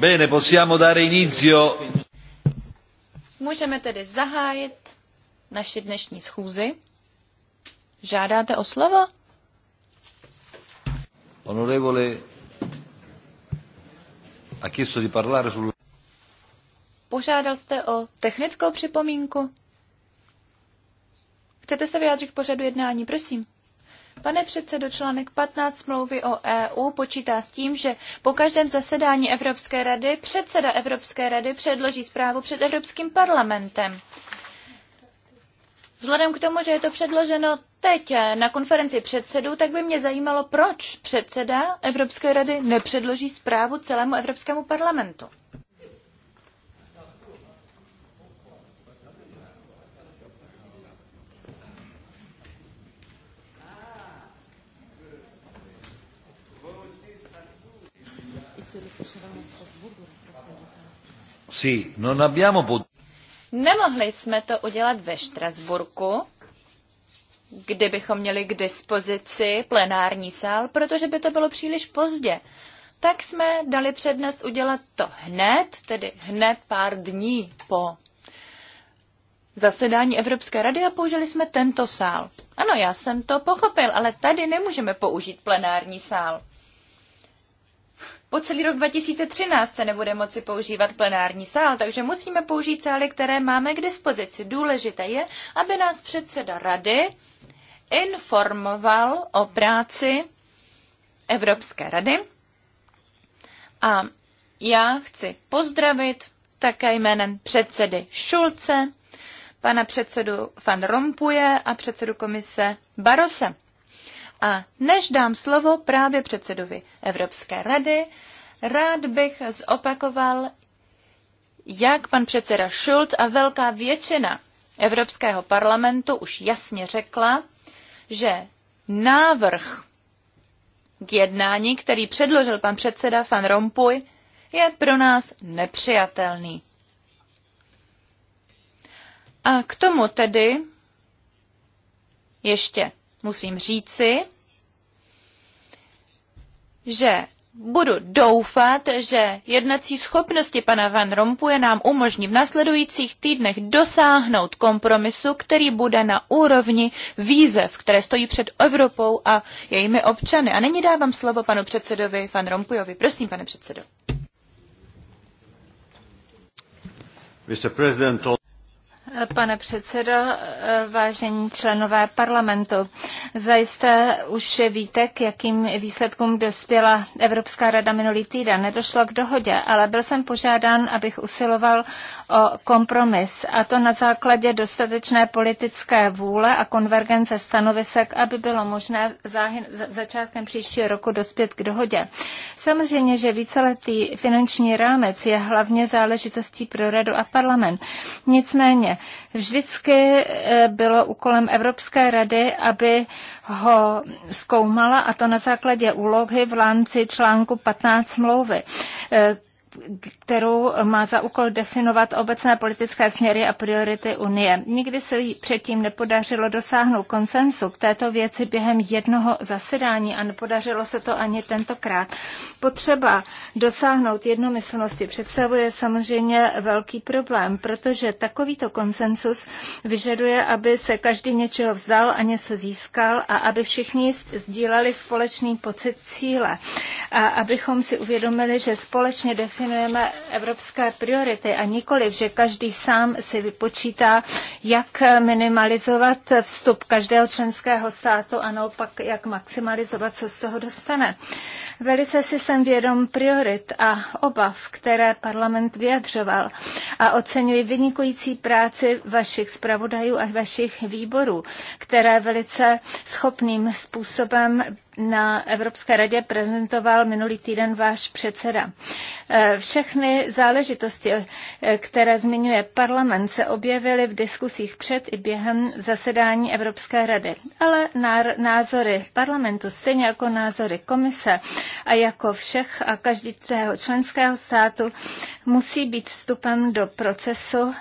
Bene, possiamo dare inizio. Můžeme tedy zahájit naši dnešní schůzi. Žádáte o slovo? Onorevole ha chiesto di parlare sul... Požádal jste o technickou připomínku? Chcete se vyjádřit k pořadu jednání, prosím. Pane předsedo, článek 15 smlouvy o EU počítá s tím, že po každém zasedání Evropské rady předseda Evropské rady předloží zprávu před Evropským parlamentem. Vzhledem k tomu, že je to předloženo teď na konferenci předsedů, tak by mě zajímalo, proč předseda Evropské rady nepředloží zprávu celému Evropskému parlamentu. No, no abbiamo pot- Nemohli jsme to udělat ve Štrasburku, kdybychom měli k dispozici plenární sál, protože by to bylo příliš pozdě. Tak jsme dali přednost udělat to hned, tedy hned pár dní po zasedání Evropské rady a použili jsme tento sál. Ano, já jsem to pochopil, ale tady nemůžeme použít plenární sál po celý rok 2013 se nebude moci používat plenární sál, takže musíme použít sály, které máme k dispozici. Důležité je, aby nás předseda rady informoval o práci Evropské rady. A já chci pozdravit také jménem předsedy Šulce, pana předsedu Van Rompuje a předsedu komise Barose. A než dám slovo právě předsedovi Evropské rady, rád bych zopakoval, jak pan předseda Schulz a velká většina Evropského parlamentu už jasně řekla, že návrh k jednání, který předložil pan předseda Van Rompuy, je pro nás nepřijatelný. A k tomu tedy ještě musím říci, že budu doufat, že jednací schopnosti pana Van Rompuje nám umožní v nasledujících týdnech dosáhnout kompromisu, který bude na úrovni výzev, které stojí před Evropou a jejími občany. A nyní dávám slovo panu předsedovi Van Rompujovi. Prosím, pane předsedo. Pane předsedo, vážení členové parlamentu, zajisté už víte, k jakým výsledkům dospěla Evropská rada minulý týden. Nedošlo k dohodě, ale byl jsem požádán, abych usiloval o kompromis, a to na základě dostatečné politické vůle a konvergence stanovisek, aby bylo možné záhy, začátkem příštího roku dospět k dohodě. Samozřejmě, že víceletý finanční rámec je hlavně záležitostí pro radu a parlament. Nicméně, Vždycky eh, bylo úkolem Evropské rady, aby ho zkoumala a to na základě úlohy v rámci článku 15 smlouvy. Eh, kterou má za úkol definovat obecné politické směry a priority Unie. Nikdy se jí předtím nepodařilo dosáhnout konsensu k této věci během jednoho zasedání a nepodařilo se to ani tentokrát. Potřeba dosáhnout jednomyslnosti představuje samozřejmě velký problém, protože takovýto konsensus vyžaduje, aby se každý něčeho vzdal a něco získal a aby všichni sdíleli společný pocit cíle a abychom si uvědomili, že společně definujeme definujeme evropské priority a nikoliv, že každý sám si vypočítá, jak minimalizovat vstup každého členského státu a naopak, jak maximalizovat, co z toho dostane. Velice si jsem vědom priorit a obav, které parlament vyjadřoval a oceňuji vynikující práci vašich zpravodajů a vašich výborů, které velice schopným způsobem na Evropské radě prezentoval minulý týden váš předseda. Eh, všechny záležitosti, eh, které zmiňuje parlament, se objevily v diskusích před i během zasedání Evropské rady. Ale názory parlamentu, stejně jako názory komise a jako všech a každého členského státu, musí být vstupem do procesu,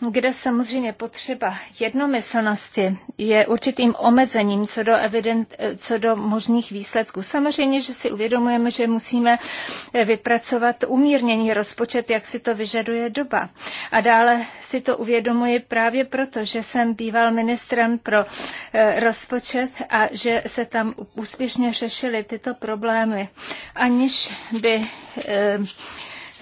kde samozřejmě potřeba jednomyslnosti je určitým omezením co do, evident, co do možných výsledků. Samozřejmě, že si uvědomujeme, že musíme vypracovat umírněný rozpočet, jak si to vyžaduje doba. A dále si to uvědomuji právě proto, že jsem býval ministrem pro eh, rozpočet a že se tam úspěšně řešily tyto problémy, aniž by eh,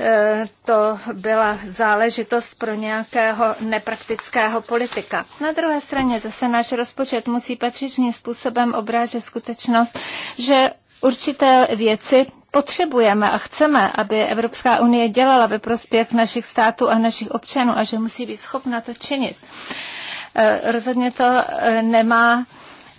E, to byla záležitost pro nějakého nepraktického politika. Na druhé straně zase náš rozpočet musí patřičným způsobem obrážet skutečnost, že určité věci potřebujeme a chceme, aby Evropská unie dělala ve prospěch našich států a našich občanů a že musí být schopna to činit. E, rozhodně to e, nemá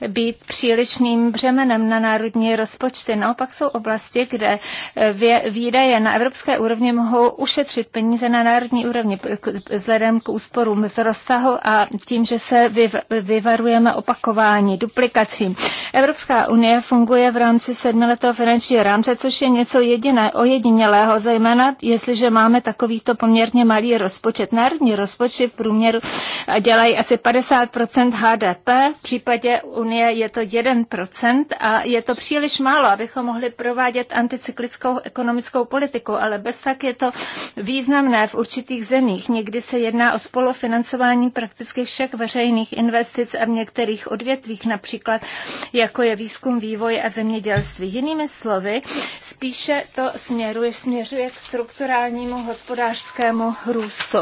být přílišným břemenem na národní rozpočty. Naopak jsou oblasti, kde eh, výdaje na evropské úrovni mohou ušetřit peníze na národní úrovni vzhledem k úsporům z rozsahu a tím, že se vyvarujeme opakování, duplikací. Evropská unie funguje v rámci sedmiletého finančního rámce, což je něco jediné, ojedinělého, zejména jestliže máme takovýto poměrně malý rozpočet. Národní rozpočty v průměru eh, dělají asi 50 HDP, v případě unie je to 1% a je to příliš málo, abychom mohli provádět anticyklickou ekonomickou politiku, ale bez tak je to významné v určitých zemích. Někdy se jedná o spolufinancování prakticky všech veřejných investic a v některých odvětvích, například jako je výzkum, vývoj a zemědělství. Jinými slovy, spíše to směruje, směřuje k strukturálnímu hospodářskému růstu.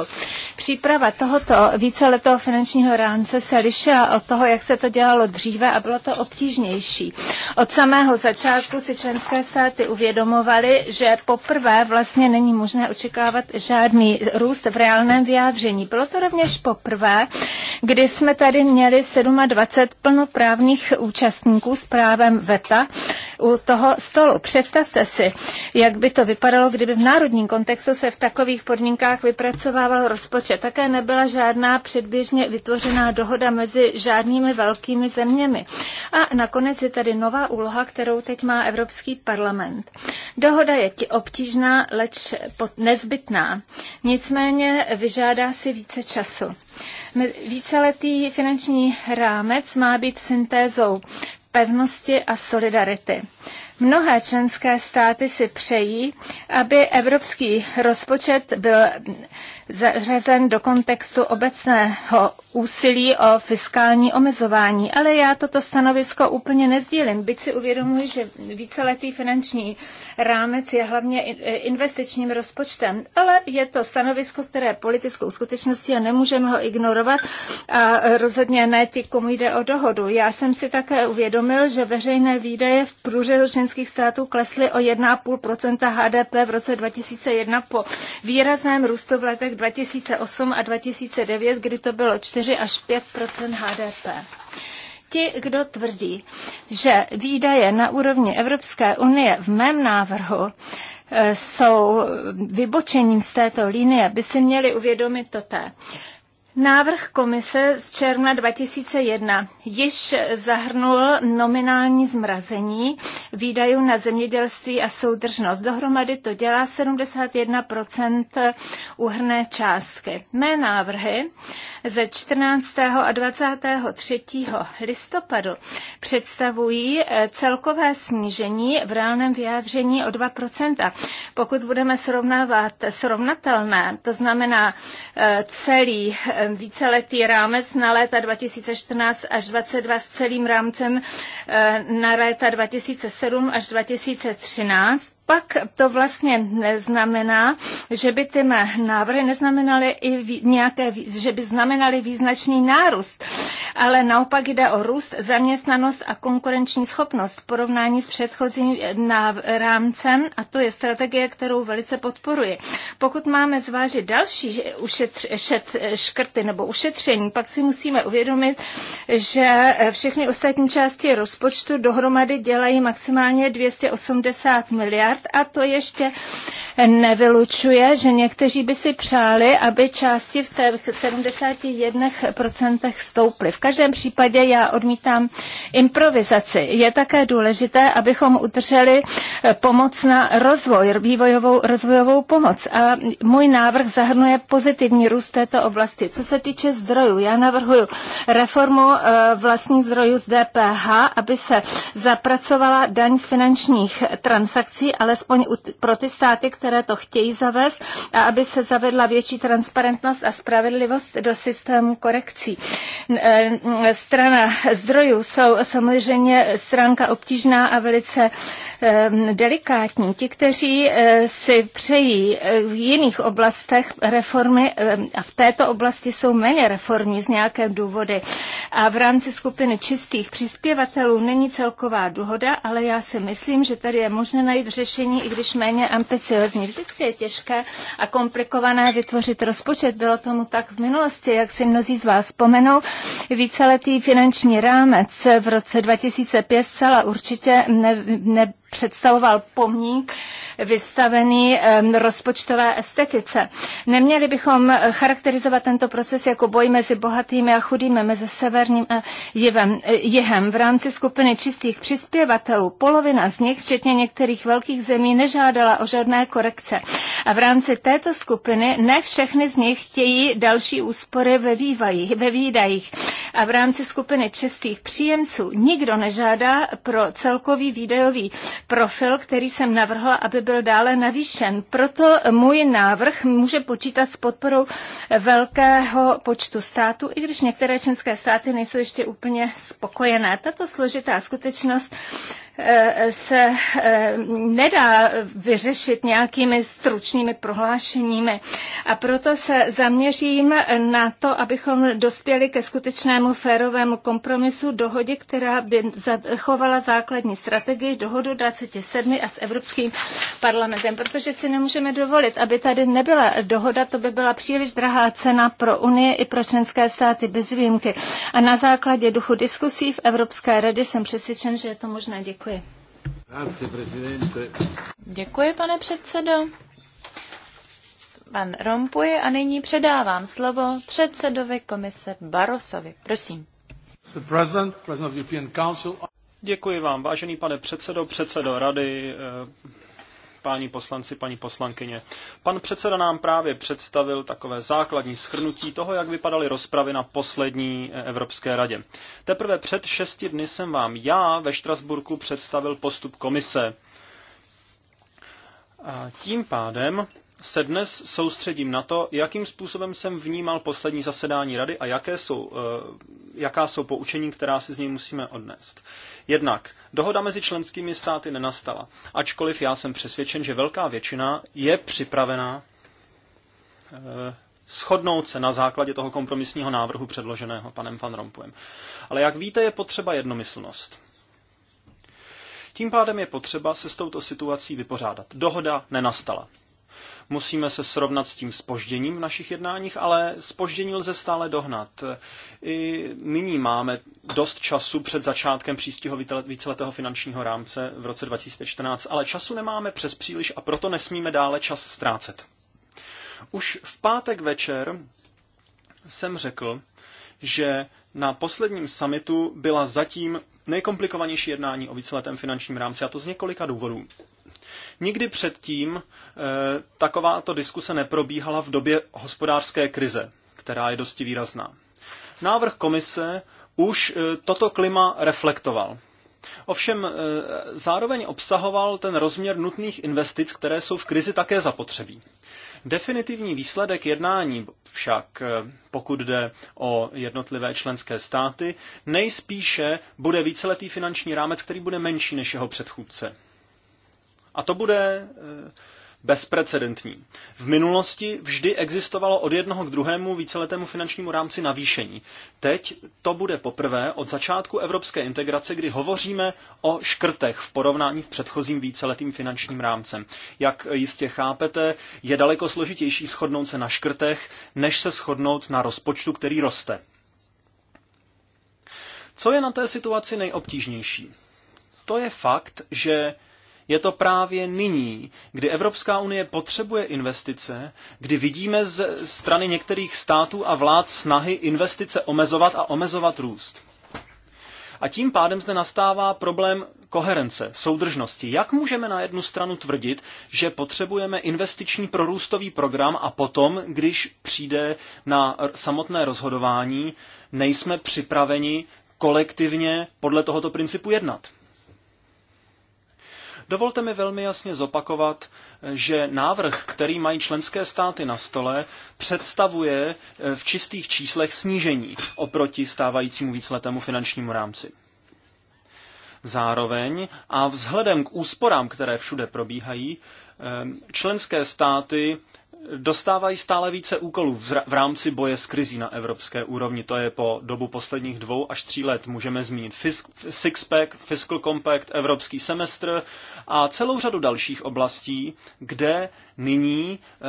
Příprava tohoto víceletého finančního rámce se lišila od toho, jak se to dělalo dříve dříve a bylo to obtížnější. Od samého začátku si členské státy uvědomovaly, že poprvé vlastně není možné očekávat žádný růst v reálném vyjádření. Bylo to rovněž poprvé, kdy jsme tady měli 27 plnoprávných účastníků s právem VETA u toho stolu. Představte si, jak by to vypadalo, kdyby v národním kontextu se v takových podmínkách vypracovával rozpočet. Také nebyla žádná předběžně vytvořená dohoda mezi žádnými velkými zeměmi zeměmi. A nakonec je tady nová úloha, kterou teď má Evropský parlament. Dohoda je obtížná, leč nezbytná. Nicméně vyžádá si více času. Víceletý finanční rámec má být syntézou pevnosti a solidarity. Mnohé členské státy si přejí, aby evropský rozpočet byl zařazen do kontextu obecného úsilí o fiskální omezování, ale já toto stanovisko úplně nezdílím, byť si uvědomuji, že víceletý finanční rámec je hlavně investičním rozpočtem, ale je to stanovisko, které je politickou skutečností a nemůžeme ho ignorovat a rozhodně ne ti, komu jde o dohodu. Já jsem si také uvědomil, že veřejné výdaje v průřezu členských států klesly o 1,5% HDP v roce 2001 po výrazném růstu v letech 2008 a 2009, kdy to bylo 4 až 5 HDP ti, kdo tvrdí, že výdaje na úrovni Evropské unie v mém návrhu eh, jsou vybočením z této linie, by si měli uvědomit to Návrh komise z června 2001 již zahrnul nominální zmrazení výdajů na zemědělství a soudržnost. Dohromady to dělá 71 uhrné částky. Mé návrhy ze 14. a 23. listopadu představují eh, celkové snížení v reálném vyjádření o 2 Pokud budeme srovnávat srovnatelné, to znamená eh, celý eh, Um, víceletý rámec na léta 2014 až 2022 s celým rámcem uh, na léta 2007 až 2013 pak to vlastně neznamená, že by ty mé návrhy neznamenaly i nějaké, že by znamenaly význačný nárůst, ale naopak jde o růst, zaměstnanost a konkurenční schopnost v porovnání s předchozím eh, rámcem a to je strategie, kterou velice podporuji. Pokud máme zvážit další eh, ušetř, šet, škrty nebo ušetření, pak si musíme uvědomit, že eh, všechny ostatní části rozpočtu dohromady dělají maximálně 280 miliard miliard a to ještě nevylučuje, že někteří by si přáli, aby části v těch 71% stouply. V každém případě já odmítám improvizaci. Je také důležité, abychom udrželi eh, pomoc na rozvoj, vývojovou rozvojovou pomoc. A můj návrh zahrnuje pozitivní růst této oblasti. Co se týče zdrojů, já navrhuji reformu eh, vlastních zdrojů z DPH, aby se zapracovala daň z finančních transakcí a alespoň pro ty státy, které to chtějí zavést, a aby se zavedla větší transparentnost a spravedlivost do systému korekcí. E, strana zdrojů jsou samozřejmě stránka obtížná a velice delikátní. Ti, kteří e, si přejí e, v jiných oblastech reformy a v této oblasti jsou méně reformní z nějaké důvody. A v rámci skupiny čistých příspěvatelů není celková dohoda, ale já si myslím, že tady je možné najít řešení opatření, i když méně ambiciozní. Vždycky je těžké a komplikované vytvořit rozpočet. Bylo tomu tak v minulosti, jak si mnozí z vás vzpomenou. Víceletý finanční rámec v roce 2005 zcela určitě ne, ne, představoval pomník vystavený rozpočtové estetice. Neměli bychom eh, charakterizovat tento proces jako boj mezi bohatými a chudými, mezi severním a eh, jivem, eh, jihem. V rámci skupiny čistých přispěvatelů polovina z nich, včetně některých velkých zemí, nežádala o žádné korekce. A v rámci této skupiny ne všechny z nich chtějí další úspory ve, vývaji, ve výdajích. A v rámci skupiny čistých příjemců nikdo nežádá pro celkový výdajový profil, který jsem navrhla, aby byl dále navýšen. Proto můj návrh může počítat s podporou velkého počtu států, i když některé členské státy nejsou ještě úplně spokojené. Tato složitá skutečnost Eh, se eh, nedá vyřešit nějakými stručnými prohlášeními. A proto se zaměřím na to, abychom dospěli ke skutečnému férovému kompromisu dohodě, která by zachovala základní strategii dohodu 27 a s Evropským parlamentem, protože si nemůžeme dovolit, aby tady nebyla dohoda, to by byla příliš drahá cena pro Unii i pro členské státy bez výjimky. A na základě duchu diskusí v Evropské radě jsem přesvědčen, že je to možné. Děkuji. Děkuji. Děkuji, pane předsedo. Pan Rompuy a nyní předávám slovo předsedovi komise Barosovi. Prosím. Děkuji vám, vážený pane předsedo, předsedo rady, eh, páni poslanci, paní poslankyně. Pan předseda nám právě představil takové základní schrnutí toho, jak vypadaly rozpravy na poslední eh, Evropské radě. Teprve před šesti dny jsem vám já ve Štrasburku představil postup komise. A tím pádem se dnes soustředím na to, jakým způsobem jsem vnímal poslední zasedání rady a jaké jsou, eh, jaká jsou poučení, která si z něj musíme odnést. Jednak Dohoda mezi členskými státy nenastala, ačkoliv já jsem přesvědčen, že velká většina je připravená eh, shodnout se na základě toho kompromisního návrhu předloženého panem Van Rompuyem. Ale jak víte, je potřeba jednomyslnost. Tím pádem je potřeba se s touto situací vypořádat. Dohoda nenastala. Musíme se srovnat s tím spožděním v našich jednáních, ale spoždění lze stále dohnat. I nyní máme dost času před začátkem příštího víceletého finančního rámce v roce 2014, ale času nemáme přes příliš a proto nesmíme dále čas ztrácet. Už v pátek večer jsem řekl, že na posledním summitu byla zatím nejkomplikovanější jednání o víceletém finančním rámci, a to z několika důvodů. Nikdy předtím eh, takováto diskuse neprobíhala v době hospodářské krize, která je dosti výrazná. Návrh komise už eh, toto klima reflektoval. Ovšem eh, zároveň obsahoval ten rozměr nutných investic, které jsou v krizi také zapotřebí. Definitivní výsledek jednání však, pokud jde o jednotlivé členské státy, nejspíše bude víceletý finanční rámec, který bude menší než jeho předchůdce. A to bude eh, bezprecedentní. V minulosti vždy existovalo od jednoho k druhému víceletému finančnímu rámci navýšení. Teď to bude poprvé od začátku evropské integrace, kdy hovoříme o škrtech v porovnání v předchozím víceletým finančním rámcem. Jak jistě chápete, je daleko složitější shodnout se na škrtech, než se shodnout na rozpočtu, který roste. Co je na té situaci nejobtížnější? To je fakt, že je to právě nyní, kdy Evropská unie potřebuje investice, kdy vidíme ze strany některých států a vlád snahy investice omezovat a omezovat růst. A tím pádem zde nastává problém koherence, soudržnosti. Jak můžeme na jednu stranu tvrdit, že potřebujeme investiční prorůstový program a potom, když přijde na samotné rozhodování, nejsme připraveni kolektivně podle tohoto principu jednat? Dovolte mi velmi jasně zopakovat, že návrh, který mají členské státy na stole, představuje eh, v čistých číslech snížení oproti stávajícímu víceletému finančnímu rámci. Zároveň a vzhledem k úsporám, které všude probíhají, eh, členské státy dostávají stále více úkolů v rámci boje s krizí na evropské úrovni. To je po dobu posledních dvou až tří let. Můžeme zmínit fisk, Sixpack, Fiscal Compact, Evropský semestr a celou řadu dalších oblastí, kde nyní eh,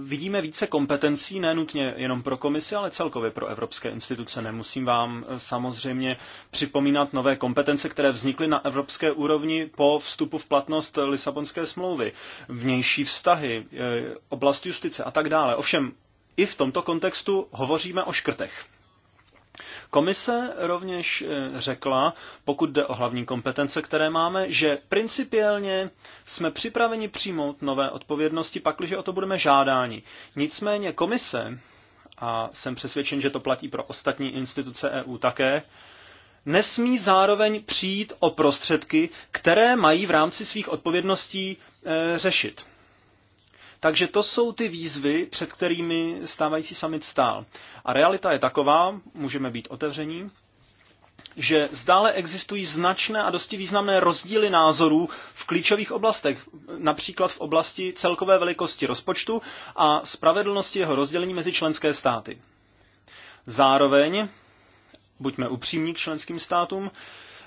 vidíme více kompetencí, ne nutně jenom pro komisi, ale celkově pro evropské instituce. Nemusím vám eh, samozřejmě připomínat nové kompetence, které vznikly na evropské úrovni po vstupu v platnost Lisabonské smlouvy, vnější vztahy, eh, oblast justice a tak dále. Ovšem, i v tomto kontextu hovoříme o škrtech. Komise rovněž eh, řekla, pokud jde o hlavní kompetence, které máme, že principiálně jsme připraveni přijmout nové odpovědnosti, pakliže o to budeme žádáni. Nicméně komise, a jsem přesvědčen, že to platí pro ostatní instituce EU také, nesmí zároveň přijít o prostředky, které mají v rámci svých odpovědností e, řešit. Takže to jsou ty výzvy, před kterými stávající summit stál. A realita je taková, můžeme být otevření, že zdále existují značné a dosti významné rozdíly názorů v klíčových oblastech, například v oblasti celkové velikosti rozpočtu a spravedlnosti jeho rozdělení mezi členské státy. Zároveň, buďme upřímní k členským státům,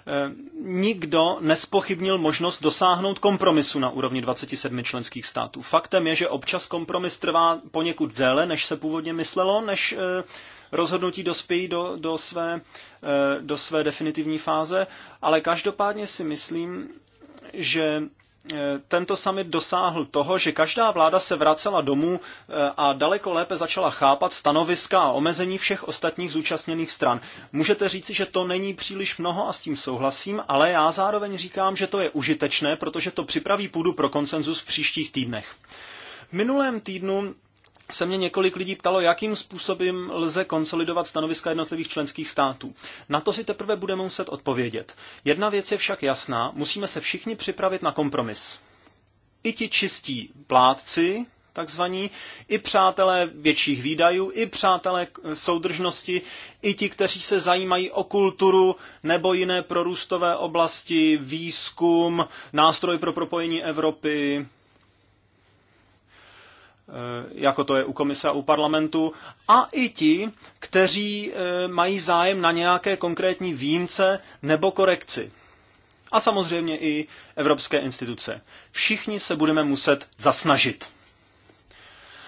Eh, nikdo nespochybnil možnost dosáhnout kompromisu na úrovni 27 členských států. Faktem je, že občas kompromis trvá poněkud déle, než se původně myslelo, než eh, rozhodnutí dospějí do, do, své, eh, do své definitivní fáze, ale každopádně si myslím, že Eh, tento summit dosáhl toho, že každá vláda se vracela domů eh, a daleko lépe začala chápat stanoviska a omezení všech ostatních zúčastněných stran. Můžete říci, že to není příliš mnoho a s tím souhlasím, ale já zároveň říkám, že to je užitečné, protože to připraví půdu pro konsenzus v příštích týdnech. V minulém týdnu se mě několik lidí ptalo, jakým způsobem lze konsolidovat stanoviska jednotlivých členských států. Na to si teprve budeme muset odpovědět. Jedna věc je však jasná, musíme se všichni připravit na kompromis. I ti čistí plátci, takzvaní, i přátelé větších výdajů, i přátelé soudržnosti, i ti, kteří se zajímají o kulturu nebo jiné prorůstové oblasti, výzkum, nástroj pro propojení Evropy, Eh, jako to je u komise a u parlamentu, a i ti, kteří eh, mají zájem na nějaké konkrétní výjimce nebo korekci. A samozřejmě i evropské instituce. Všichni se budeme muset zasnažit.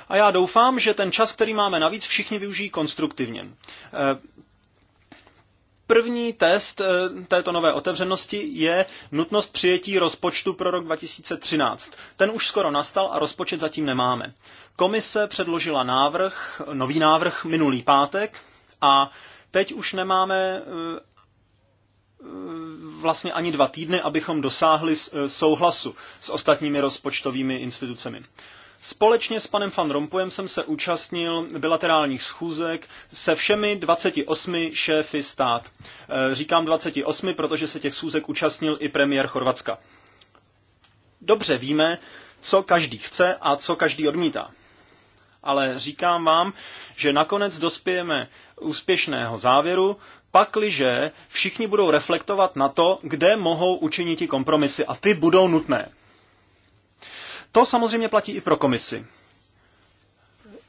A já doufám, že ten čas, který máme navíc, všichni využijí konstruktivně. Eh, První test eh, této nové otevřenosti je nutnost přijetí rozpočtu pro rok 2013. Ten už skoro nastal a rozpočet zatím nemáme. Komise předložila návrh, nový návrh minulý pátek a teď už nemáme eh, vlastně ani dva týdny, abychom dosáhli eh, souhlasu s ostatními rozpočtovými institucemi. Společně s panem Van Rompuyem jsem se účastnil bilaterálních schůzek se všemi 28 šéfy stát. E, říkám 28, protože se těch schůzek účastnil i premiér Chorvatska. Dobře víme, co každý chce a co každý odmítá. Ale říkám vám, že nakonec dospějeme úspěšného závěru, pakliže všichni budou reflektovat na to, kde mohou učinit kompromisy a ty budou nutné. To samozřejmě platí i pro komisi.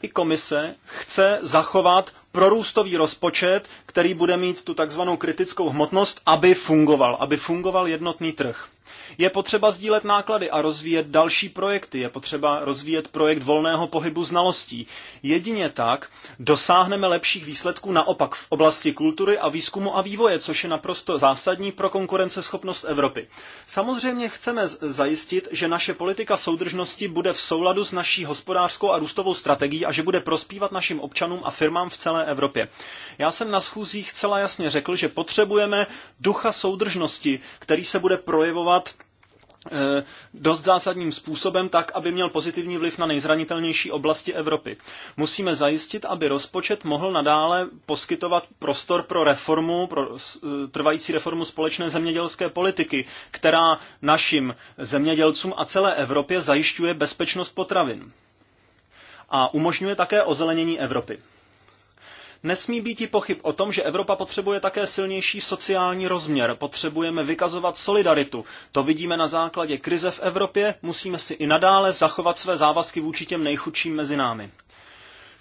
I komise chce zachovat prorůstový rozpočet, který bude mít tu takzvanou kritickou hmotnost, aby fungoval, aby fungoval jednotný trh. Je potřeba sdílet náklady a rozvíjet další projekty, je potřeba rozvíjet projekt volného pohybu znalostí. Jedině tak dosáhneme lepších výsledků naopak v oblasti kultury a výzkumu a vývoje, což je naprosto zásadní pro konkurenceschopnost Evropy. Samozřejmě chceme zajistit, že naše politika soudržnosti bude v souladu s naší hospodářskou a růstovou strategií a že bude prospívat našim občanům a firmám v celé Evropě. Já jsem na schůzích celá jasně řekl, že potřebujeme ducha soudržnosti, který se bude projevovat eh, dost zásadním způsobem tak, aby měl pozitivní vliv na nejzranitelnější oblasti Evropy. Musíme zajistit, aby rozpočet mohl nadále poskytovat prostor pro reformu, pro eh, trvající reformu společné zemědělské politiky, která našim zemědělcům a celé Evropě zajišťuje bezpečnost potravin. A umožňuje také ozelenění Evropy. Nesmí být i pochyb o tom, že Evropa potřebuje také silnější sociální rozměr. Potřebujeme vykazovat solidaritu. To vidíme na základě krize v Evropě. Musíme si i nadále zachovat své závazky vůči těm nejchudším mezi námi.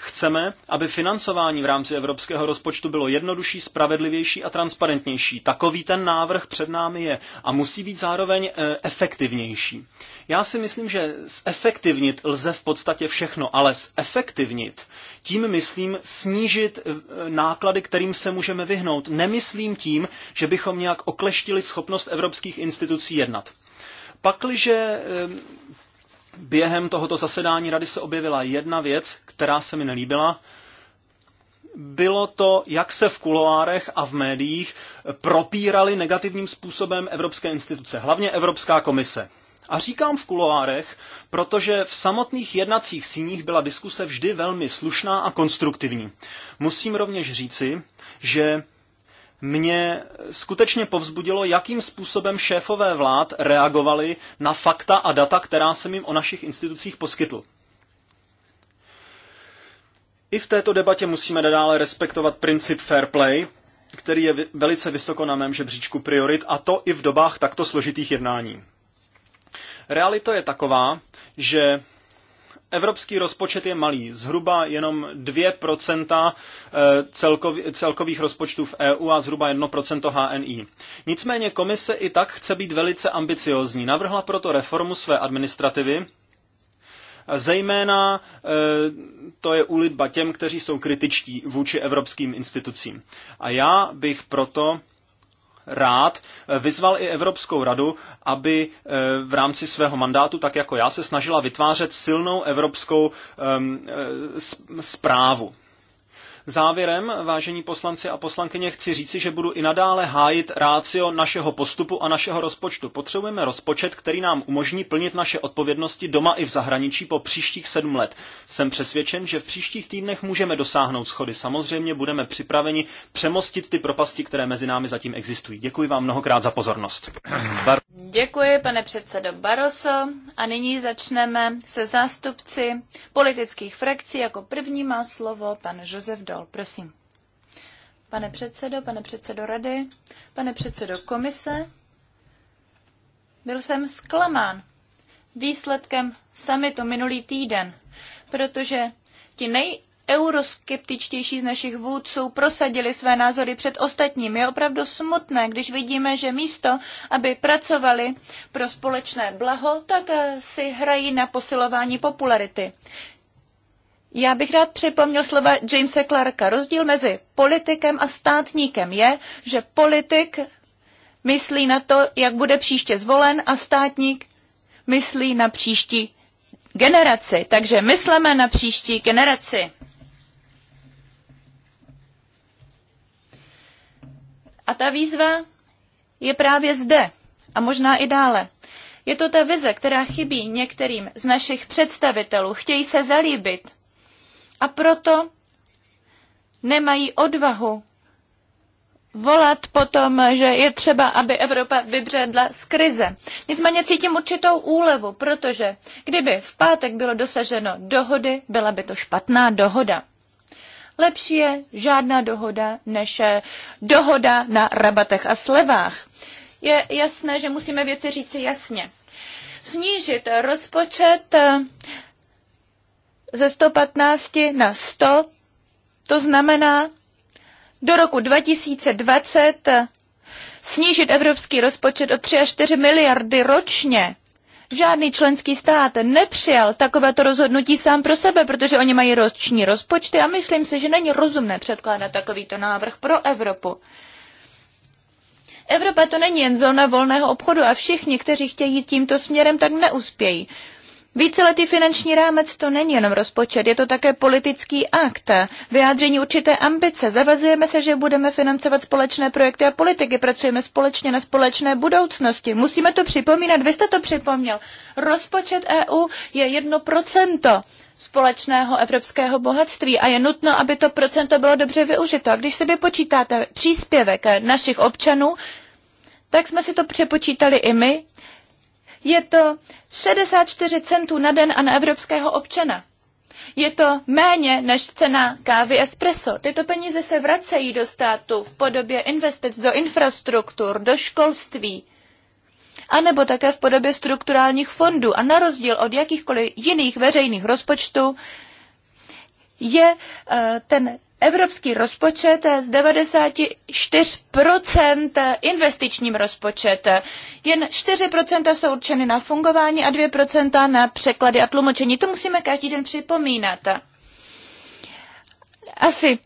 Chceme, aby financování v rámci evropského rozpočtu bylo jednodušší, spravedlivější a transparentnější. Takový ten návrh před námi je a musí být zároveň eh, efektivnější. Já si myslím, že zefektivnit lze v podstatě všechno, ale zefektivnit, tím myslím snížit eh, náklady, kterým se můžeme vyhnout. Nemyslím tím, že bychom nějak okleštili schopnost evropských institucí jednat. Pakliže eh, Během tohoto zasedání rady se objevila jedna věc, která se mi nelíbila. Bylo to, jak se v kuloárech a v médiích propírali negativním způsobem evropské instituce, hlavně Evropská komise. A říkám v kuloárech, protože v samotných jednacích síních byla diskuse vždy velmi slušná a konstruktivní. Musím rovněž říci, že mě skutečně povzbudilo, jakým způsobem šéfové vlád reagovali na fakta a data, která jsem jim o našich institucích poskytl. I v této debatě musíme nadále respektovat princip fair play, který je velice vysoko na mém žebříčku priorit, a to i v dobách takto složitých jednání. Realita je taková, že Evropský rozpočet je malý, zhruba jenom 2% eh, celkových rozpočtů v EU a zhruba 1% HNI. Nicméně komise i tak chce být velice ambiciozní. Navrhla proto reformu své administrativy, zejména eh, to je úlitba těm, kteří jsou kritičtí vůči evropským institucím. A já bych proto rád vyzval i Evropskou radu, aby eh, v rámci svého mandátu, tak jako já, se snažila vytvářet silnou evropskou ehm, eh, zprávu. Závěrem, vážení poslanci a poslankyně, chci říci, že budu i nadále hájit rácio našeho postupu a našeho rozpočtu. Potřebujeme rozpočet, který nám umožní plnit naše odpovědnosti doma i v zahraničí po příštích sedm let. Jsem přesvědčen, že v příštích týdnech můžeme dosáhnout schody. Samozřejmě budeme připraveni přemostit ty propasti, které mezi námi zatím existují. Děkuji vám mnohokrát za pozornost. Děkuji, pane předsedo Baroso. A nyní začneme se zástupci politických frakcí. Jako první má slovo pan Josef Dol. Prosím. Pane předsedo, pane předsedo rady, pane předsedo komise, byl jsem zklamán výsledkem samitu minulý týden, protože ti nej euroskeptičtější z našich vůdců prosadili své názory před ostatními. Je opravdu smutné, když vidíme, že místo, aby pracovali pro společné blaho, tak eh, si hrají na posilování popularity. Já bych rád připomněl slova Jamesa Clarka. Rozdíl mezi politikem a státníkem je, že politik myslí na to, jak bude příště zvolen a státník myslí na příští generaci. Takže mysleme na příští generaci. A ta výzva je právě zde a možná i dále. Je to ta vize, která chybí některým z našich představitelů. Chtějí se zalíbit. A proto nemají odvahu volat potom, že je třeba, aby Evropa vybředla z krize. Nicméně cítím určitou úlevu, protože kdyby v pátek bylo dosaženo dohody, byla by to špatná dohoda. Lepší je žádná dohoda, než eh, dohoda na rabatech a slevách. Je jasné, že musíme věci říci jasně. Snížit rozpočet eh, ze 115 na 100, to znamená do roku 2020 eh, snížit evropský rozpočet o 3 až 4 miliardy ročně. Žádný členský stát nepřijal takovéto rozhodnutí sám pro sebe, protože oni mají roční rozpočty a myslím si, že není rozumné předkládat takovýto návrh pro Evropu. Evropa to není jen zóna volného obchodu a všichni, kteří chtějí jít tímto směrem, tak neuspějí. Víceletý finanční rámec to není jenom rozpočet, je to také politický akt, vyjádření určité ambice. Zavazujeme se, že budeme financovat společné projekty a politiky, pracujeme společně na společné budoucnosti. Musíme to připomínat, vy jste to připomněl. Rozpočet EU je jedno procento společného evropského bohatství a je nutno, aby to procento bylo dobře využito. A když se vypočítáte příspěvek našich občanů, tak jsme si to přepočítali i my, je to 64 centů na den a na evropského občana. Je to méně než cena kávy espresso. Tyto peníze se vracejí do státu v podobě investic do infrastruktur, do školství, anebo také v podobě strukturálních fondů. A na rozdíl od jakýchkoliv jiných veřejných rozpočtů je eh, ten evropský rozpočet z 94% investičním rozpočet. Jen 4% jsou určeny na fungování a 2% na překlady a tlumočení. To musíme každý den připomínat. Asi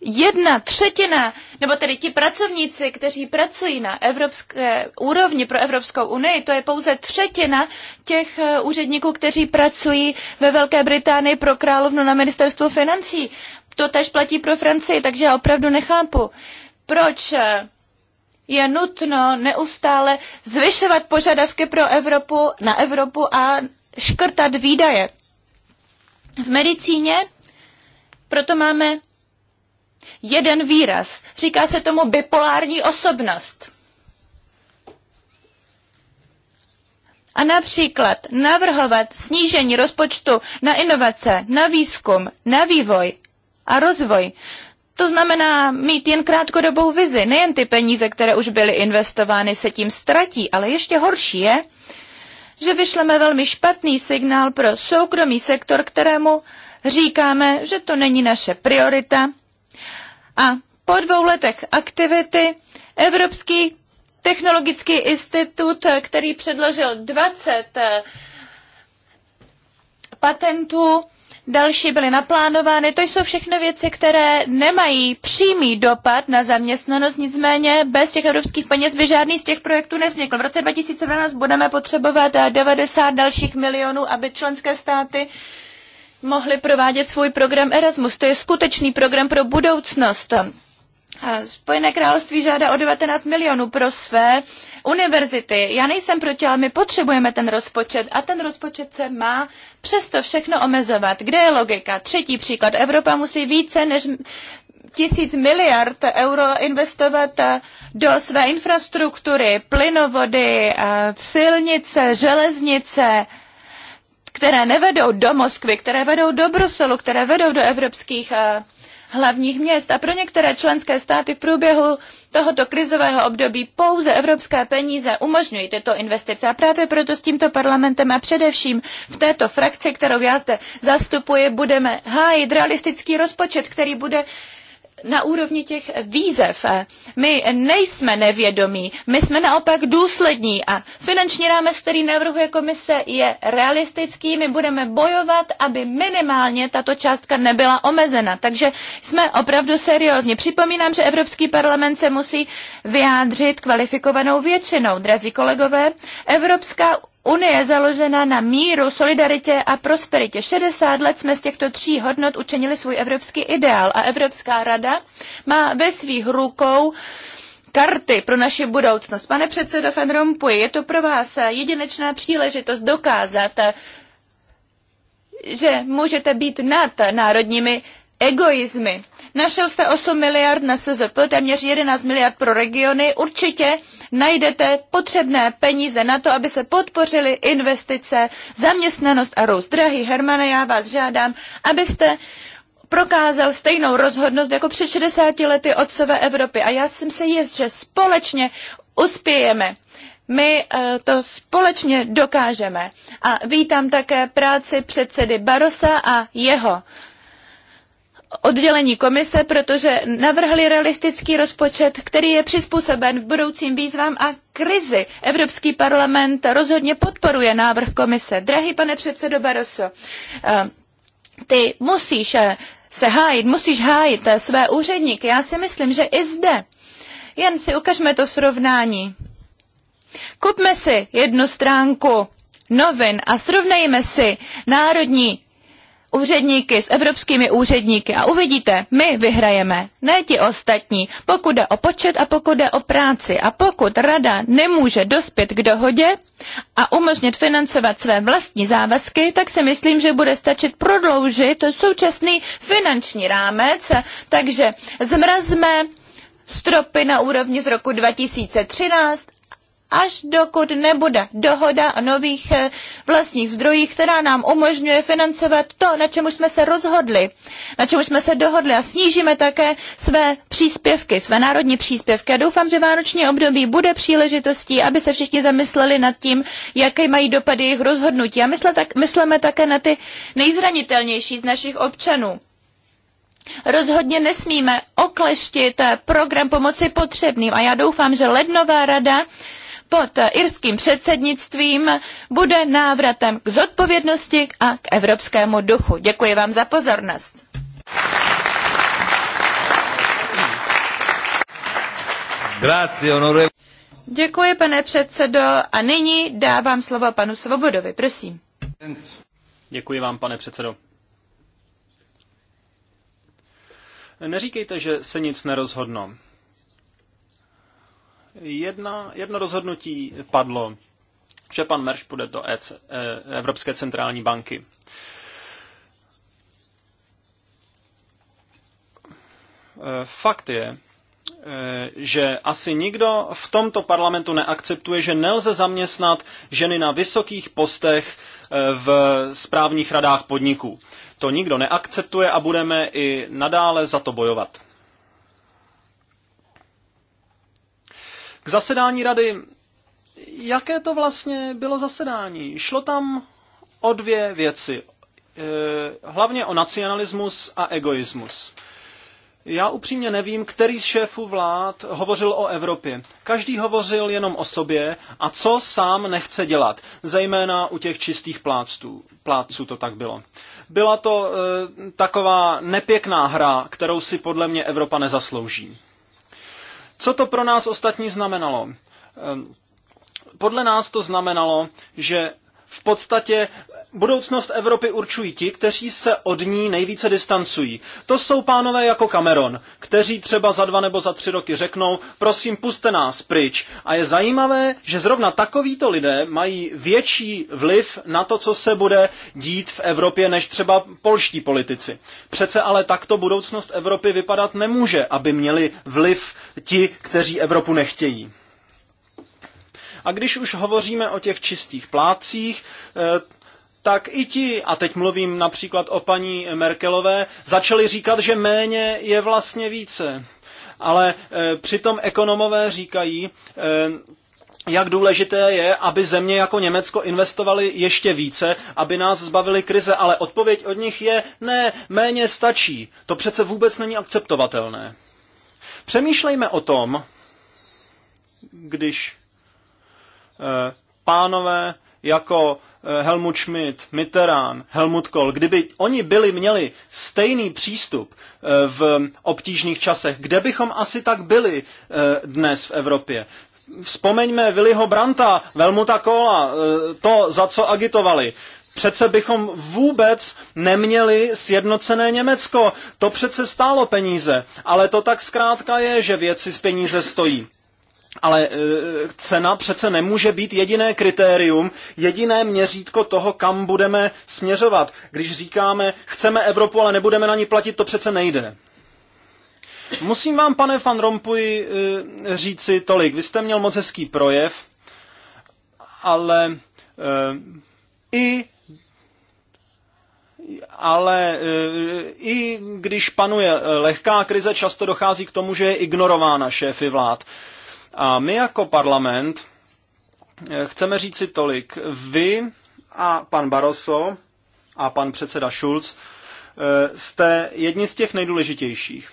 jedna třetina, nebo tedy ti pracovníci, kteří pracují na evropské úrovni pro Evropskou unii, to je pouze třetina těch eh, úředníků, kteří pracují ve Velké Británii pro královnu na ministerstvu financí. To tež platí pro Francii, takže já opravdu nechápu, proč eh, je nutno neustále zvyšovat požadavky pro Evropu, na Evropu a škrtat výdaje. V medicíně proto máme jeden výraz. Říká se tomu bipolární osobnost. A například navrhovat snížení rozpočtu na inovace, na výzkum, na vývoj a rozvoj. To znamená mít jen krátkodobou vizi. Nejen ty peníze, které už byly investovány, se tím ztratí, ale ještě horší je, že vyšleme velmi špatný signál pro soukromý sektor, kterému říkáme, že to není naše priorita a po dvou letech aktivity Evropský technologický institut, který předložil 20 eh, patentů, další byly naplánovány. To jsou všechno věci, které nemají přímý dopad na zaměstnanost, nicméně bez těch evropských peněz by žádný z těch projektů nevznikl. V roce 2012 budeme potřebovat 90 eh, dalších milionů, aby členské státy mohli provádět svůj program Erasmus. To je skutečný program pro budoucnost. A Spojené království žádá o 19 milionů pro své univerzity. Já nejsem proti, ale my potřebujeme ten rozpočet a ten rozpočet se má přesto všechno omezovat. Kde je logika? Třetí příklad. Evropa musí více než tisíc miliard euro investovat do své infrastruktury, plynovody, silnice, železnice které nevedou do Moskvy, které vedou do Bruselu, které vedou do evropských eh, hlavních měst a pro některé členské státy v průběhu tohoto krizového období pouze evropské peníze umožňují tyto investice. A právě proto s tímto parlamentem a především v této frakci, kterou já zde zastupuji, budeme hájit realistický rozpočet, který bude na úrovni těch výzev. My nejsme nevědomí, my jsme naopak důslední a finanční rámec, který navrhuje komise, je realistický. My budeme bojovat, aby minimálně tato částka nebyla omezena. Takže jsme opravdu seriózní. Připomínám, že Evropský parlament se musí vyjádřit kvalifikovanou většinou. Drazí kolegové, Evropská Unie založena na míru, solidaritě a prosperitě. 60 let jsme z těchto tří hodnot učinili svůj evropský ideál a Evropská rada má ve svých rukou karty pro naši budoucnost. Pane předsedo Van Rompuy, je to pro vás jedinečná příležitost dokázat, že můžete být nad národními egoizmy. Našel jste 8 miliard na SZP, téměř 11 miliard pro regiony. Určitě najdete potřebné peníze na to, aby se podpořily investice, zaměstnanost a růst. Drahý Hermane, já vás žádám, abyste prokázal stejnou rozhodnost jako před 60 lety otcové Evropy. A já jsem se jist, že společně uspějeme. My eh, to společně dokážeme. A vítám také práci předsedy Barosa a jeho oddělení komise, protože navrhli realistický rozpočet, který je přizpůsoben budoucím výzvám a krizi. Evropský parlament rozhodně podporuje návrh komise. Drahý pane předsedo Barroso, eh, ty musíš eh, se hájit, musíš hájit eh, své úředníky. Já si myslím, že i zde. Jen si ukažme to srovnání. Kupme si jednu stránku novin a srovnejme si národní úředníky, s evropskými úředníky a uvidíte, my vyhrajeme, ne ti ostatní, pokud jde o počet a pokud jde o práci. A pokud rada nemůže dospět k dohodě a umožnit financovat své vlastní závazky, tak si myslím, že bude stačit prodloužit současný finanční rámec, takže zmrazme stropy na úrovni z roku 2013 až dokud nebude dohoda o nových eh, vlastních zdrojích, která nám umožňuje financovat to, na čem už jsme se rozhodli, na čem už jsme se dohodli a snížíme také své příspěvky, své národní příspěvky. A doufám, že vánoční období bude příležitostí, aby se všichni zamysleli nad tím, jaké mají dopady jejich rozhodnutí. A mysle tak, mysleme také na ty nejzranitelnější z našich občanů. Rozhodně nesmíme okleštit eh, program pomoci potřebným a já doufám, že lednová rada pod irským předsednictvím bude návratem k zodpovědnosti a k evropskému duchu. Děkuji vám za pozornost. Děkuji, pane předsedo. A nyní dávám slovo panu Svobodovi, prosím. Děkuji vám, pane předsedo. Neříkejte, že se nic nerozhodno. Jedna, jedno rozhodnutí padlo, že pan Merš půjde do EC, eh, Evropské centrální banky. Eh, fakt je, eh, že asi nikdo v tomto parlamentu neakceptuje, že nelze zaměstnat ženy na vysokých postech v správních radách podniků. To nikdo neakceptuje a budeme i nadále za to bojovat. K zasedání rady. Jaké to vlastně bylo zasedání? Šlo tam o dvě věci. E, hlavně o nacionalismus a egoismus. Já upřímně nevím, který z šéfů vlád hovořil o Evropě. Každý hovořil jenom o sobě a co sám nechce dělat, zejména u těch čistých plátců. Plátců to tak bylo. Byla to e, taková nepěkná hra, kterou si podle mě Evropa nezaslouží. Co to pro nás ostatní znamenalo? Ehm, podle nás to znamenalo, že v podstatě budoucnost Evropy určují ti, kteří se od ní nejvíce distancují. To jsou pánové jako Cameron, kteří třeba za dva nebo za tři roky řeknou, prosím, puste nás pryč. A je zajímavé, že zrovna takovýto lidé mají větší vliv na to, co se bude dít v Evropě, než třeba polští politici. Přece ale takto budoucnost Evropy vypadat nemůže, aby měli vliv ti, kteří Evropu nechtějí. A když už hovoříme o těch čistých plátcích, eh, tak i ti, a teď mluvím například o paní Merkelové, začali říkat, že méně je vlastně více. Ale eh, přitom ekonomové říkají, eh, jak důležité je, aby země jako Německo investovaly ještě více, aby nás zbavili krize, ale odpověď od nich je ne, méně stačí. To přece vůbec není akceptovatelné. Přemýšlejme o tom, když Eh, pánové jako eh, Helmut Schmidt, Mitterrand, Helmut Kohl, kdyby oni byli měli stejný přístup eh, v obtížných časech, kde bychom asi tak byli dnes v Evropě? Vzpomeňme Viliho Branta, Velmuta Kohla, to, za co agitovali. Přece bychom vůbec neměli sjednocené Německo. To přece stálo peníze, ale to tak zkrátka je, že věci z peníze stojí. Ale e, cena přece nemůže být jediné kritérium, jediné měřítko toho, kam budeme směřovat. Když říkáme, chceme Evropu, ale nebudeme na ní platit, to přece nejde. Musím vám, pane Van Rompuy, e, říci tolik. Vy jste měl moc hezký projev, ale e, i ale i když panuje lehká krize, často dochází k tomu, že je ignorována šéfy vlád. A my jako parlament eh, chceme říct si tolik. Vy a pan Barroso a pan předseda Schulz eh, jste jedni z těch nejdůležitějších.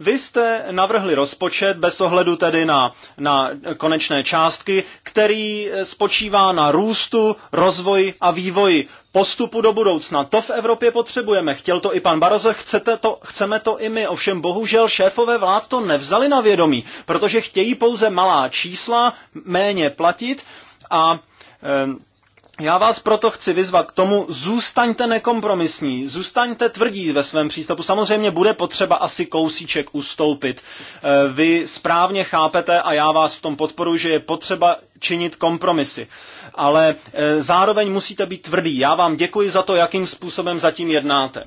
Vy jste navrhli rozpočet, bez ohledu tedy na, na konečné částky, který eh, spočívá na růstu, rozvoji a vývoji postupu do budoucna. To v Evropě potřebujeme. Chtěl to i pan Barozo, chcete to, chceme to i my. Ovšem bohužel šéfové vlád to nevzali na vědomí, protože chtějí pouze malá čísla, méně platit a e, já vás proto chci vyzvat k tomu, zůstaňte nekompromisní, zůstaňte tvrdí ve svém přístupu. Samozřejmě bude potřeba asi kousíček ustoupit. E, vy správně chápete a já vás v tom podporuji, že je potřeba činit kompromisy ale e, zároveň musíte být tvrdý. Já vám děkuji za to, jakým způsobem zatím jednáte. E,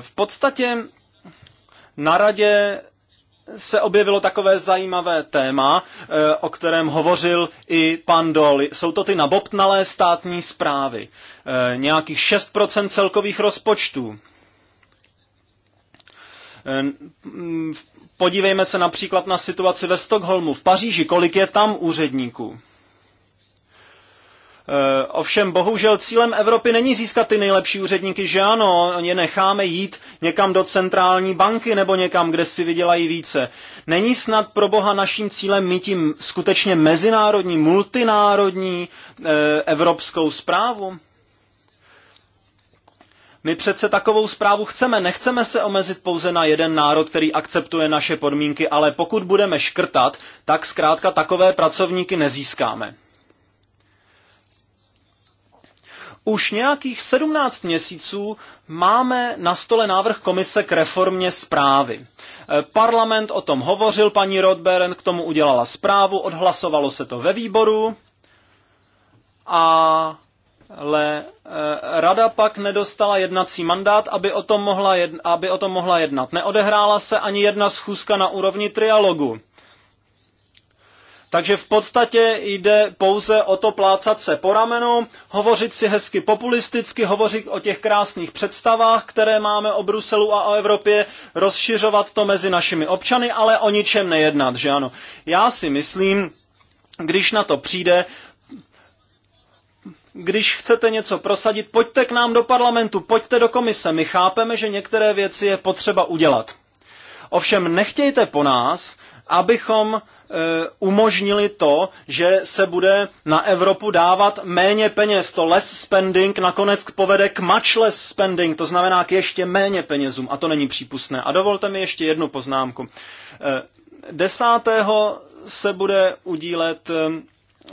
v podstatě na radě se objevilo takové zajímavé téma, e, o kterém hovořil i pan Doli. Jsou to ty nabobtnalé státní zprávy. Nějakých 6% celkových rozpočtů. V Podívejme se například na situaci ve Stockholmu, v Paříži, kolik je tam úředníků. E, ovšem, bohužel cílem Evropy není získat ty nejlepší úředníky, že ano, je necháme jít někam do centrální banky nebo někam, kde si vydělají více. Není snad pro boha naším cílem mít tím skutečně mezinárodní, multinárodní e, evropskou zprávu? My přece takovou zprávu chceme. Nechceme se omezit pouze na jeden národ, který akceptuje naše podmínky, ale pokud budeme škrtat, tak zkrátka takové pracovníky nezískáme. Už nějakých 17 měsíců máme na stole návrh komise k reformě zprávy. Eh, Parlament o tom hovořil, paní Rodberen k tomu udělala zprávu, odhlasovalo se to ve výboru a ale eh, rada pak nedostala jednací mandát, aby o, tom mohla jedn, aby o tom mohla jednat. Neodehrála se ani jedna schůzka na úrovni trialogu. Takže v podstatě jde pouze o to plácat se po ramenu, hovořit si hezky populisticky, hovořit o těch krásných představách, které máme o Bruselu a o Evropě, rozšiřovat to mezi našimi občany, ale o ničem nejednat, že ano. Já si myslím, když na to přijde, když chcete něco prosadit, pojďte k nám do parlamentu, pojďte do komise. My chápeme, že některé věci je potřeba udělat. Ovšem nechtějte po nás, abychom e, umožnili to, že se bude na Evropu dávat méně peněz. To less spending nakonec povede k much less spending, to znamená k ještě méně penězům a to není přípustné. A dovolte mi ještě jednu poznámku. E, desátého se bude udílet e,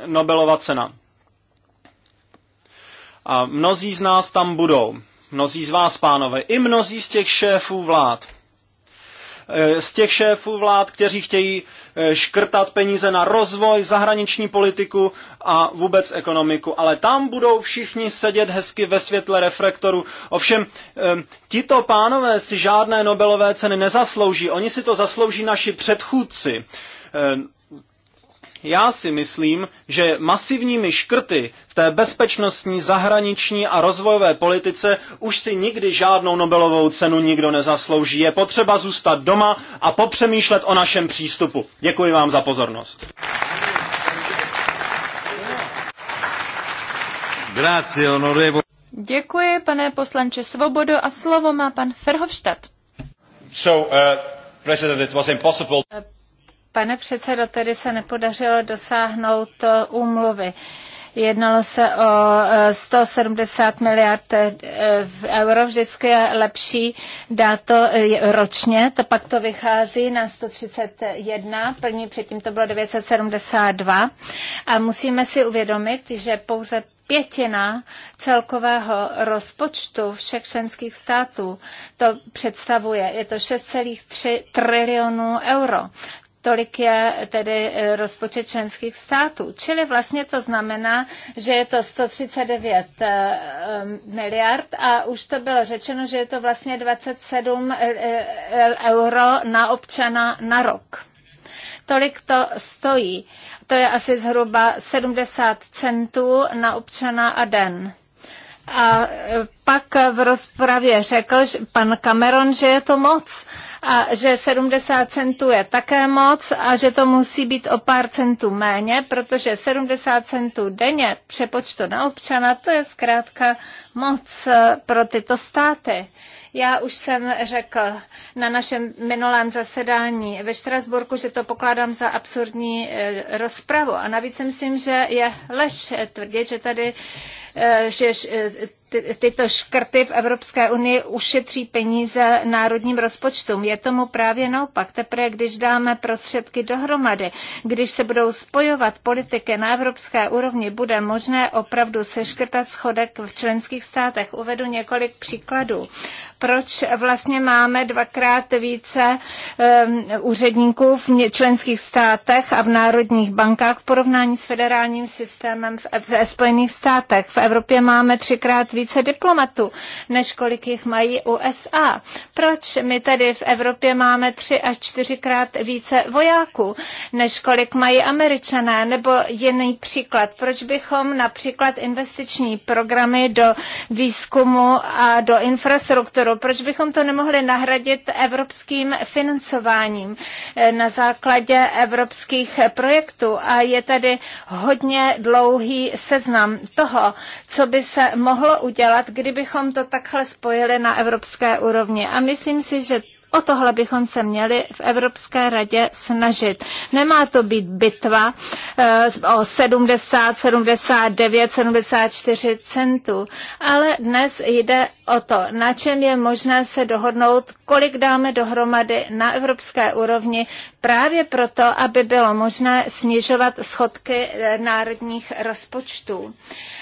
Nobelova cena. A mnozí z nás tam budou. Mnozí z vás, pánové, i mnozí z těch šéfů vlád. Eh, z těch šéfů vlád, kteří chtějí eh, škrtat peníze na rozvoj, zahraniční politiku a vůbec ekonomiku. Ale tam budou všichni sedět hezky ve světle reflektoru. Ovšem, eh, tito pánové si žádné Nobelové ceny nezaslouží. Oni si to zaslouží naši předchůdci já si myslím, že masivními škrty v té bezpečnostní, zahraniční a rozvojové politice už si nikdy žádnou Nobelovou cenu nikdo nezaslouží. Je potřeba zůstat doma a popřemýšlet o našem přístupu. Děkuji vám za pozornost. Děkuji, pane poslanče Svobodo, a slovo má pan Ferhofstadt. So, uh, president, it was impossible... Eh, Pane předsedo, tedy se nepodařilo dosáhnout eh, úmluvy. Jednalo se o 170 eh, miliard eh, euro, vždycky je lepší dát to ročně, to pak to vychází na 131, první předtím to bylo 972 a musíme si uvědomit, že pouze pětina celkového rozpočtu všech členských států to představuje. Je to 6,3 trilionů euro. Tolik je tedy eh, rozpočet členských států. Čili vlastně to znamená, že je to 139 eh, miliard a už to bylo řečeno, že je to vlastně 27 eh, euro na občana na rok. Tolik to stojí. To je asi zhruba 70 centů na občana a den. A pak v rozpravě řekl že pan Cameron, že je to moc a že 70 centů je také moc a že to musí být o pár centů méně, protože 70 centů denně přepočtu na občana, to je zkrátka moc pro tyto státy. Já už jsem řekl na našem minulém zasedání ve Štrasburku, že to pokládám za absurdní eh, rozpravu. A navíc si myslím, že je lež tvrdit, že tady eh, že eh, ty, tyto škrty v Evropské unii ušetří peníze národním rozpočtům. Je tomu právě naopak. Teprve, když dáme prostředky dohromady, když se budou spojovat politiky na evropské úrovni, bude možné opravdu seškrtat schodek v členských státech. Uvedu několik příkladů proč vlastně máme dvakrát více úředníků v členských státech a v národních bankách v porovnání s federálním systémem v Spojených státech. V Evropě máme třikrát více diplomatů, než kolik jich mají USA. Proč my tady v Evropě máme tři až čtyřikrát více vojáků, než kolik mají američané? Nebo jiný příklad, proč bychom například investiční programy do výzkumu a do infrastruktury sektoru. Proč bychom to nemohli nahradit evropským financováním eh, na základě evropských projektů? A je tady hodně dlouhý seznam toho, co by se mohlo udělat, kdybychom to takhle spojili na evropské úrovni. A myslím si, že O tohle bychom se měli v Evropské radě snažit. Nemá to být bitva eh, o 70, 79, 74 centů, ale dnes jde o to, na čem je možné se dohodnout, kolik dáme dohromady na evropské úrovni, právě proto, aby bylo možné snižovat schodky eh, národních rozpočtů.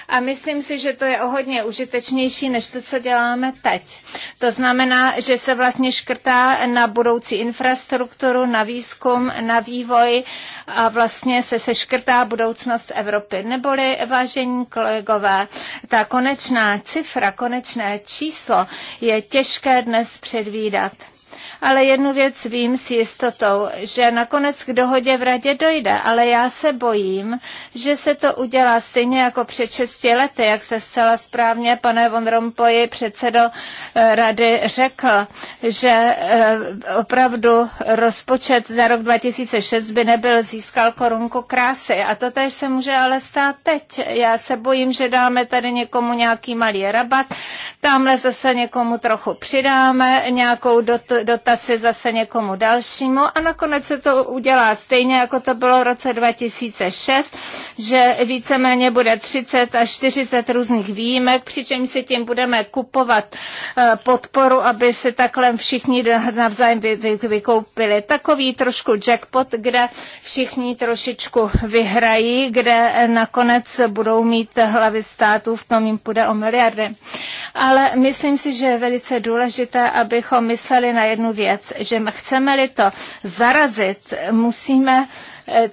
A myslím si, že to je o hodně užitečnější než to, co děláme teď. To znamená, že se vlastně škrtá na budoucí infrastrukturu, na výzkum, na vývoj a vlastně se seškrtá budoucnost Evropy. Neboli, vážení kolegové, ta konečná cifra, konečné číslo je těžké dnes předvídat ale jednu věc vím s jistotou, že nakonec k dohodě v radě dojde, ale já se bojím, že se to udělá stejně jako před 6 lety, jak se zcela správně, pane von Rompoji předsedo eh, rady řekl, že eh, opravdu rozpočet za rok 2006 by nebyl získal korunku krásy. A to tež se může ale stát teď. Já se bojím, že dáme tady někomu nějaký malý rabat, tamhle zase někomu trochu přidáme, nějakou dot- dotaci zase někomu dalšímu a nakonec se to udělá stejně, jako to bylo v roce 2006, že víceméně bude 30 až 40 různých výjimek, přičemž si tím budeme kupovat eh, podporu, aby se takhle všichni navzájem vy- vy- vykoupili. Takový trošku jackpot, kde všichni trošičku vyhrají, kde nakonec budou mít hlavy států, v tom jim půjde o miliardy. A ale myslím si, že je velice důležité, abychom mysleli na jednu věc, že chceme-li to zarazit, musíme eh,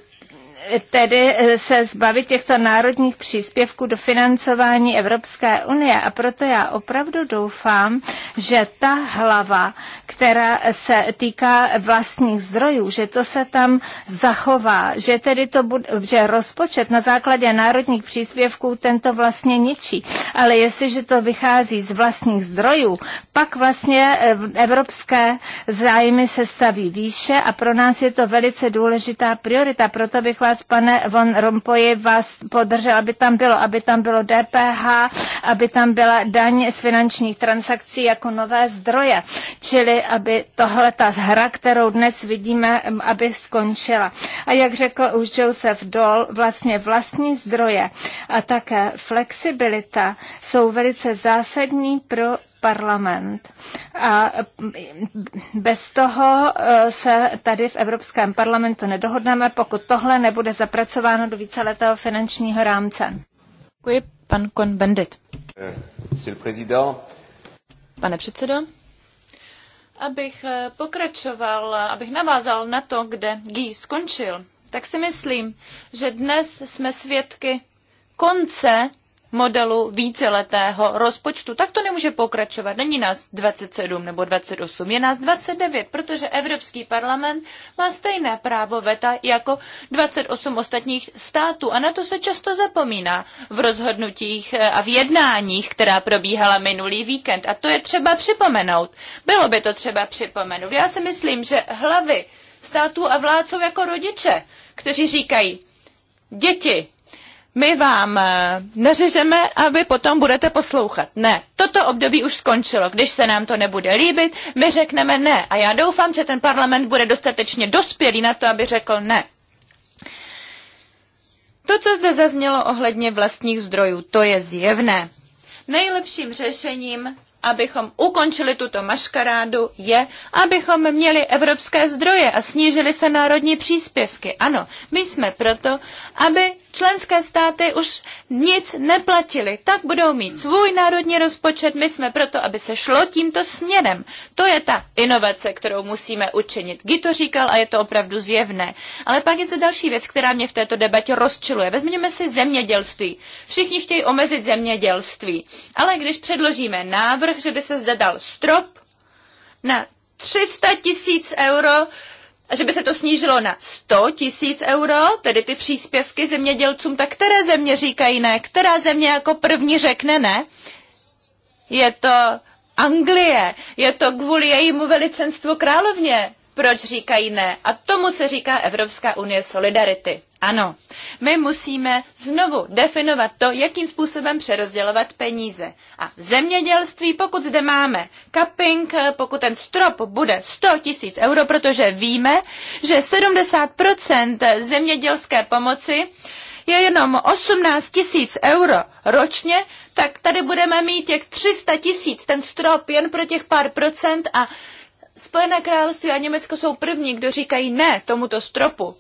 tedy eh, se zbavit těchto národních příspěvků do financování Evropské unie. A proto já opravdu doufám, že ta hlava, která se týká vlastních zdrojů, že to se tam zachová, že tedy to bude, že rozpočet na základě národních příspěvků tento vlastně ničí. Ale jestliže to vychází z vlastních zdrojů, pak vlastně eh, evropské zájmy se staví výše a pro nás je to velice důležitá priorita. Proto bych vás vás, pane Von Rompoji, vás podržel, aby tam bylo, aby tam bylo DPH, aby tam byla daň z finančních transakcí jako nové zdroje, čili aby tohle ta hra, kterou dnes vidíme, aby skončila. A jak řekl už Joseph Dole, vlastně vlastní zdroje a také flexibilita jsou velice zásadní pro parlament. A bez toho eh, se tady v Evropském parlamentu nedohodneme, pokud tohle nebude zapracováno do víceletého finančního rámce. Děkuji, pan Kon-Bendit. Eh, Pane předsedo, abych eh, pokračoval, abych navázal na to, kde Guy skončil, tak si myslím, že dnes jsme svědky konce modelu víceletého rozpočtu. Tak to nemůže pokračovat. Není nás 27 nebo 28, je nás 29, protože Evropský parlament má stejné právo veta jako 28 ostatních států a na to se často zapomíná v rozhodnutích eh, a v jednáních, která probíhala minulý víkend. A to je třeba připomenout. Bylo by to třeba připomenout. Já si myslím, že hlavy států a vládců jako rodiče, kteří říkají, děti, my vám eh, neřežeme a vy potom budete poslouchat. Ne, toto období už skončilo. Když se nám to nebude líbit, my řekneme ne. A já doufám, že ten parlament bude dostatečně dospělý na to, aby řekl ne. To, co zde zaznělo ohledně vlastních zdrojů, to je zjevné. Nejlepším řešením, abychom ukončili tuto maškarádu, je, abychom měli evropské zdroje a snížili se národní příspěvky. Ano, my jsme proto, aby členské státy už nic neplatily, tak budou mít svůj národní rozpočet, my jsme proto, aby se šlo tímto směrem. To je ta inovace, kterou musíme učinit. Guy to říkal a je to opravdu zjevné. Ale pak je zde další věc, která mě v této debatě rozčiluje. Vezměme si zemědělství. Všichni chtějí omezit zemědělství. Ale když předložíme návrh, že by se zde dal strop na 300 tisíc euro a že by se to snížilo na 100 tisíc euro, tedy ty příspěvky zemědělcům, tak které země říkají ne? Která země jako první řekne ne? Je to Anglie, je to kvůli jejímu veličenstvu královně proč říkají ne. A tomu se říká Evropská unie solidarity. Ano, my musíme znovu definovat to, jakým způsobem přerozdělovat peníze. A v zemědělství, pokud zde máme cupping, pokud ten strop bude 100 tisíc euro, protože víme, že 70% zemědělské pomoci je jenom 18 tisíc euro ročně, tak tady budeme mít těch 300 tisíc, ten strop jen pro těch pár procent a Spojené království a Německo jsou první, kdo říkají ne tomuto stropu.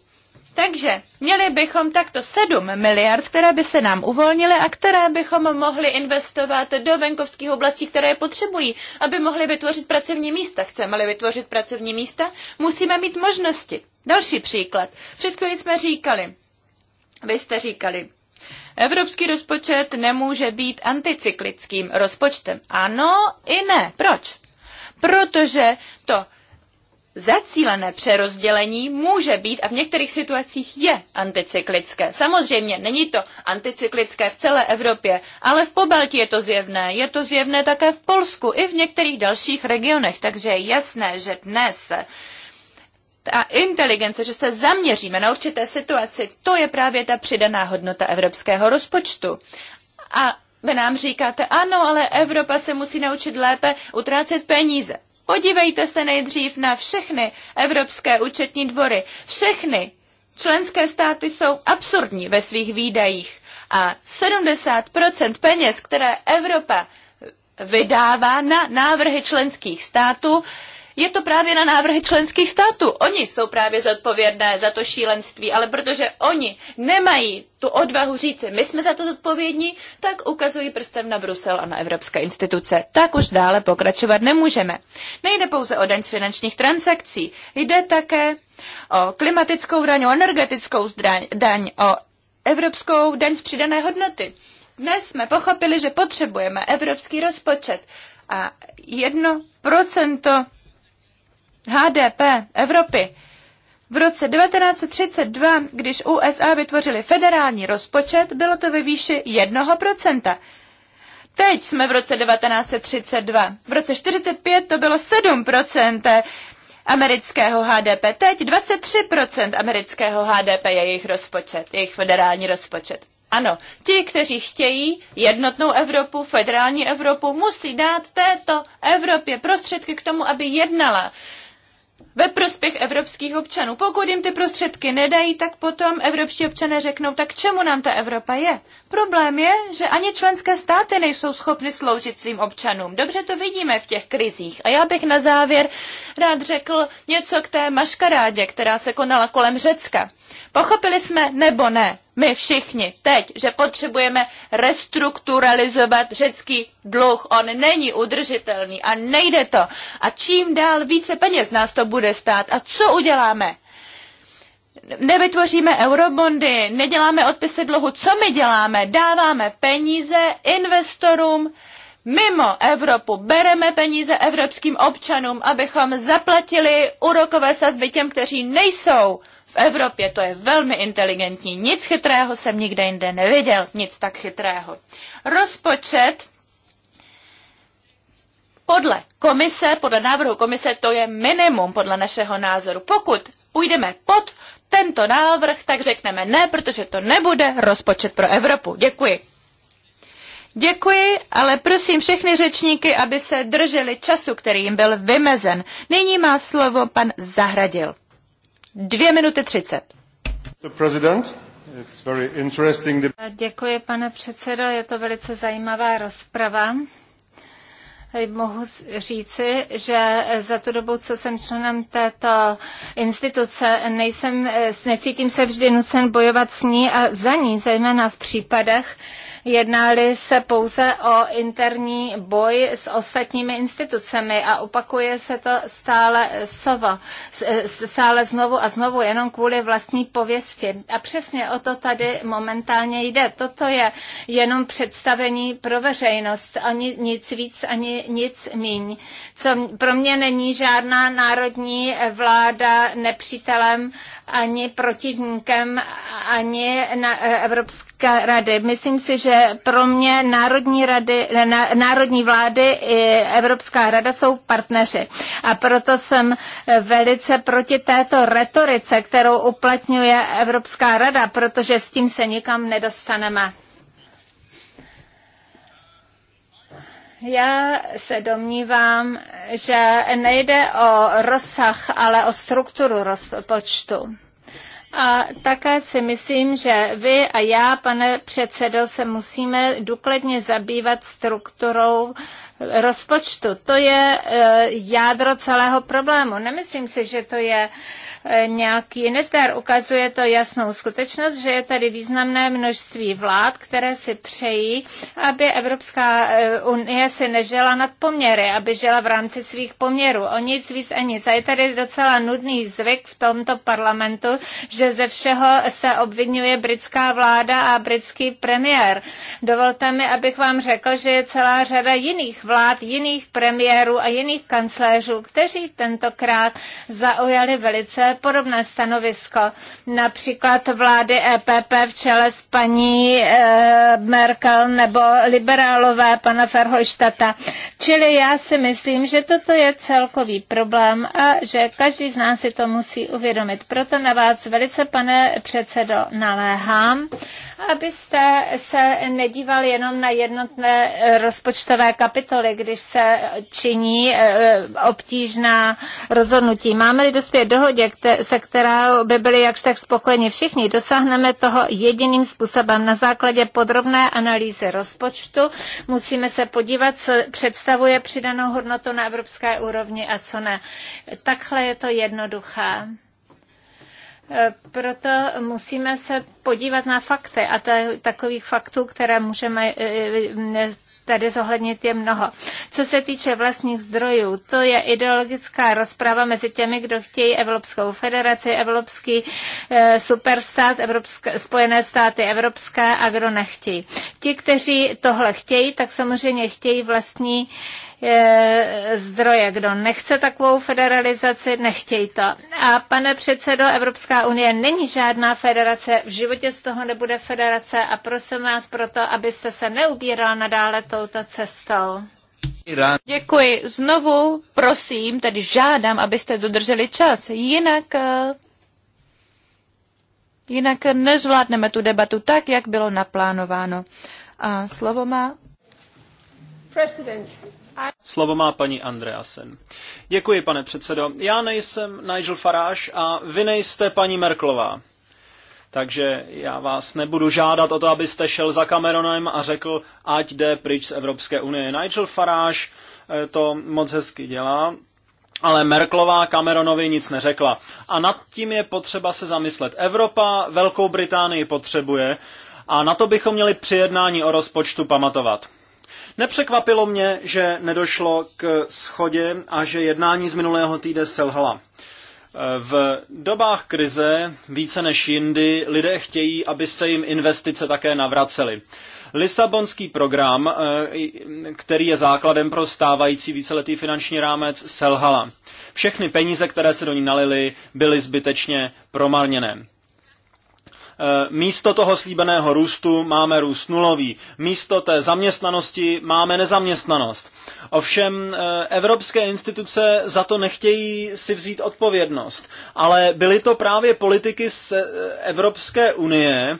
Takže měli bychom takto 7 miliard, které by se nám uvolnily a které bychom mohli investovat do venkovských oblastí, které je potřebují, aby mohli vytvořit pracovní místa. Chceme-li vytvořit pracovní místa, musíme mít možnosti. Další příklad. Před chvílí jsme říkali, vy jste říkali, Evropský rozpočet nemůže být anticyklickým rozpočtem. Ano i ne. Proč? protože to zacílené přerozdělení může být a v některých situacích je anticyklické. Samozřejmě není to anticyklické v celé Evropě, ale v Pobaltí je to zjevné. Je to zjevné také v Polsku i v některých dalších regionech, takže je jasné, že dnes ta inteligence, že se zaměříme na určité situaci, to je právě ta přidaná hodnota evropského rozpočtu. A vy nám říkáte, ano, ale Evropa se musí naučit lépe utrácet peníze. Podívejte se nejdřív na všechny evropské účetní dvory. Všechny členské státy jsou absurdní ve svých výdajích a 70% peněz, které Evropa vydává na návrhy členských států, je to právě na návrhy členských států. Oni jsou právě zodpovědné za to šílenství, ale protože oni nemají tu odvahu říci, my jsme za to zodpovědní, tak ukazují prstem na Brusel a na evropské instituce. Tak už dále pokračovat nemůžeme. Nejde pouze o daň z finančních transakcí, jde také o klimatickou daň, o energetickou daň, daň o evropskou daň z přidané hodnoty. Dnes jsme pochopili, že potřebujeme evropský rozpočet a jedno procento HDP Evropy. V roce 1932, když USA vytvořili federální rozpočet, bylo to ve výši 1%. Teď jsme v roce 1932. V roce 1945 to bylo 7% amerického HDP. Teď 23% amerického HDP je jejich rozpočet, jejich federální rozpočet. Ano, ti, kteří chtějí jednotnou Evropu, federální Evropu, musí dát této Evropě prostředky k tomu, aby jednala ve prospěch evropských občanů. Pokud jim ty prostředky nedají, tak potom evropští občané řeknou, tak čemu nám ta Evropa je? Problém je, že ani členské státy nejsou schopny sloužit svým občanům. Dobře to vidíme v těch krizích. A já bych na závěr rád řekl něco k té maškarádě, která se konala kolem Řecka. Pochopili jsme nebo ne, my všichni teď, že potřebujeme restrukturalizovat řecký dluh. On není udržitelný a nejde to. A čím dál více peněz nás to bude stát. A co uděláme? Nevytvoříme eurobondy, neděláme odpisy dluhu. Co my děláme? Dáváme peníze investorům, mimo Evropu bereme peníze evropským občanům, abychom zaplatili úrokové sazby těm, kteří nejsou v Evropě. To je velmi inteligentní. Nic chytrého jsem nikde jinde neviděl. Nic tak chytrého. Rozpočet podle komise, podle návrhu komise, to je minimum podle našeho názoru. Pokud půjdeme pod tento návrh, tak řekneme ne, protože to nebude rozpočet pro Evropu. Děkuji. Děkuji, ale prosím všechny řečníky, aby se drželi času, který jim byl vymezen. Nyní má slovo pan Zahradil. Dvě minuty třicet. Děkuji, pane předsedo. Je to velice zajímavá rozprava mohu říci, že za tu dobu, co jsem členem této instituce, nejsem, necítím se vždy nucen bojovat s ní a za ní, zejména v případech, jednali se pouze o interní boj s ostatními institucemi a opakuje se to stále sova, stále znovu a znovu jenom kvůli vlastní pověsti. A přesně o to tady momentálně jde. Toto je jenom představení pro veřejnost, ani nic víc, ani nic míň. Co pro mě není žádná národní vláda nepřítelem ani protivníkem, ani na e, Evropské rady. Myslím si, že že pro mě národní, rady, národní vlády i Evropská rada jsou partneři. A proto jsem eh, velice proti této retorice, kterou uplatňuje Evropská rada, protože s tím se nikam nedostaneme. Já se domnívám, že nejde o rozsah, ale o strukturu rozpočtu. A také si myslím, že vy a já, pane předsedo, se musíme důkladně zabývat strukturou rozpočtu. To je eh, jádro celého problému. Nemyslím si, že to je nějaký nezdar. Ukazuje to jasnou skutečnost, že je tady významné množství vlád, které si přejí, aby Evropská eh, unie si nežela nad poměry, aby žila v rámci svých poměrů. O nic víc a nic. A je tady docela nudný zvyk v tomto parlamentu, že ze všeho se obvinuje britská vláda a britský premiér. Dovolte mi, abych vám řekl, že je celá řada jiných vlád, jiných premiérů a jiných kancléřů, kteří tentokrát zaujali velice podobné stanovisko, například vlády EPP v čele s paní e, Merkel nebo liberálové pana Ferhojštata. Čili já si myslím, že toto je celkový problém a že každý z nás si to musí uvědomit. Proto na vás velice, pane předsedo, naléhám, abyste se nedíval jenom na jednotné eh, rozpočtové kapitoly, když se činí eh, obtížná rozhodnutí. Máme-li dospět dohodě, se kterou by byli jakž tak spokojeni všichni. Dosáhneme toho jediným způsobem. Na základě podrobné analýzy rozpočtu musíme se podívat, co představuje přidanou hodnotu na evropské úrovni a co ne. Takhle je to jednoduché. E, proto musíme se podívat na fakty a takových faktů, které můžeme e, e, tady zohlednit je mnoho. Co se týče vlastních zdrojů, to je ideologická rozprava mezi těmi, kdo chtějí Evropskou federaci, Evropský e, superstát, Evropské, Spojené státy Evropské a kdo nechtějí. Ti, kteří tohle chtějí, tak samozřejmě chtějí vlastní zdroje. Kdo nechce takovou federalizaci, nechtěj to. A pane předsedo, Evropská unie není žádná federace, v životě z toho nebude federace a prosím vás proto, abyste se neubíral nadále touto cestou. Děkuji. Znovu prosím, tedy žádám, abyste dodrželi čas, jinak eh, jinak nezvládneme tu debatu tak, jak bylo naplánováno. A slovo má... President. Slovo má paní Andreasen. Děkuji, pane předsedo. Já nejsem Nigel Farage a vy nejste paní Merklová. Takže já vás nebudu žádat o to, abyste šel za Cameronem a řekl, ať jde pryč z Evropské unie. Nigel Farage eh, to moc hezky dělá, ale Merklová Cameronovi nic neřekla. A nad tím je potřeba se zamyslet. Evropa Velkou Británii potřebuje a na to bychom měli při jednání o rozpočtu pamatovat. Nepřekvapilo mě, že nedošlo k schodě a že jednání z minulého týdne selhala. V dobách krize více než jindy lidé chtějí, aby se jim investice také navracely. Lisabonský program, eh, který je základem pro stávající víceletý finanční rámec, selhala. Všechny peníze, které se do ní nalily, byly zbytečně promarněné. Eh, místo toho slíbeného růstu máme růst nulový. Místo té zaměstnanosti máme nezaměstnanost. Ovšem eh, evropské instituce za to nechtějí si vzít odpovědnost, ale byly to právě politiky z eh, Evropské unie,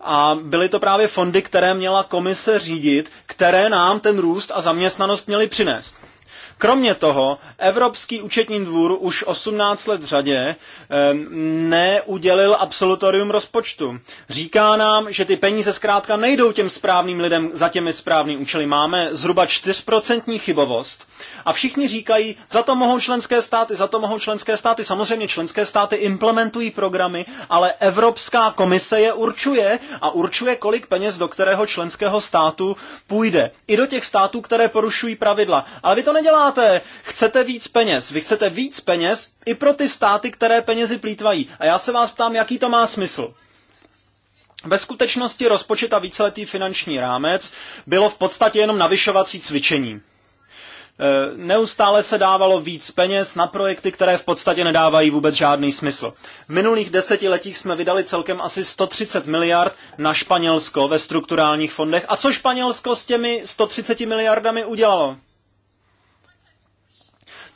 a byly to právě fondy, které měla komise řídit, které nám ten růst a zaměstnanost měly přinést. Kromě toho, Evropský účetní dvůr už 18 let v řadě neudělil absolutorium rozpočtu. Říká nám, že ty peníze zkrátka nejdou těm správným lidem za těmi správným účely. Máme zhruba 4% chybovost a všichni říkají, za to mohou členské státy, za to mohou členské státy. Samozřejmě členské státy implementují programy, ale Evropská komise je určuje a určuje, kolik peněz do kterého členského státu půjde. I do těch států, které porušují pravidla. Ale vy to neděláte děláte? Chcete víc peněz. Vy chcete víc peněz i pro ty státy, které penězi plítvají. A já se vás ptám, jaký to má smysl. Ve skutečnosti rozpočet a víceletý finanční rámec bylo v podstatě jenom navyšovací cvičení. E, neustále se dávalo víc peněz na projekty, které v podstatě nedávají vůbec žádný smysl. V minulých desetiletích jsme vydali celkem asi 130 miliard na Španělsko ve strukturálních fondech. A co Španělsko s těmi 130 miliardami udělalo?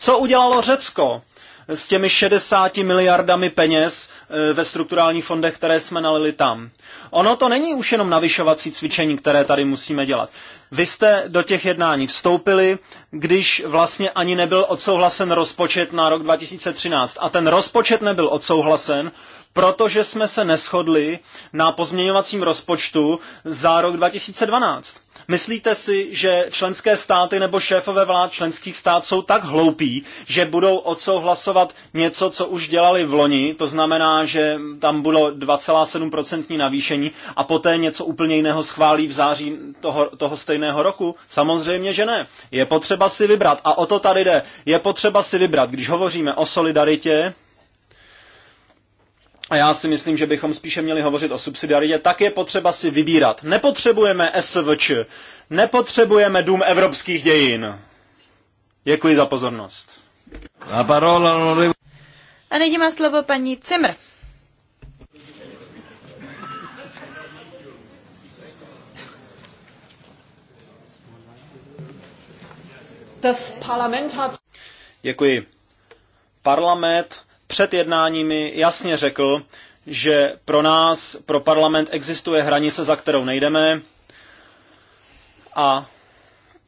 Co udělalo Řecko s těmi 60 miliardami peněz eh, ve strukturálních fondech, které jsme nalili tam? Ono to není už jenom navyšovací cvičení, které tady musíme dělat. Vy jste do těch jednání vstoupili, když vlastně ani nebyl odsouhlasen rozpočet na rok 2013. A ten rozpočet nebyl odsouhlasen, protože jsme se neschodli na pozměňovacím rozpočtu za rok 2012. Myslíte si, že členské státy nebo šéfové vlád členských států jsou tak hloupí, že budou odsouhlasovat něco, co už dělali v loni, to znamená, že tam bylo 2,7% navýšení a poté něco úplně jiného schválí v září toho, toho stejného roku? Samozřejmě, že ne. Je potřeba si vybrat a o to tady jde. Je potřeba si vybrat, když hovoříme o solidaritě, a já si myslím, že bychom spíše měli hovořit o subsidiaritě, tak je potřeba si vybírat. Nepotřebujeme SVČ, nepotřebujeme Dům evropských dějin. Děkuji za pozornost. A nyní má slovo paní Cimr. Das Parlament hat... Děkuji. Parlament před jednáními jasně řekl, že pro nás, pro parlament existuje hranice, za kterou nejdeme a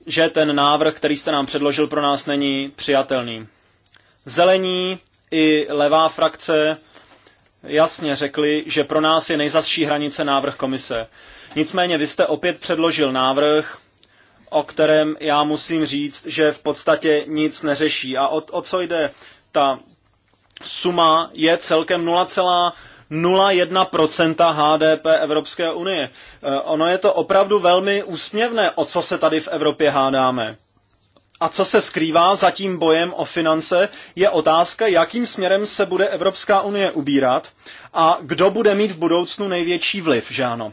že ten návrh, který jste nám předložil, pro nás není přijatelný. Zelení i levá frakce jasně řekli, že pro nás je nejzasší hranice návrh komise. Nicméně vy jste opět předložil návrh, o kterém já musím říct, že v podstatě nic neřeší. A o, o co jde? Ta suma je celkem 0,01% HDP Evropské unie. Eh, ono je to opravdu velmi úsměvné, o co se tady v Evropě hádáme. A co se skrývá za tím bojem o finance, je otázka, jakým směrem se bude Evropská unie ubírat a kdo bude mít v budoucnu největší vliv, že ano?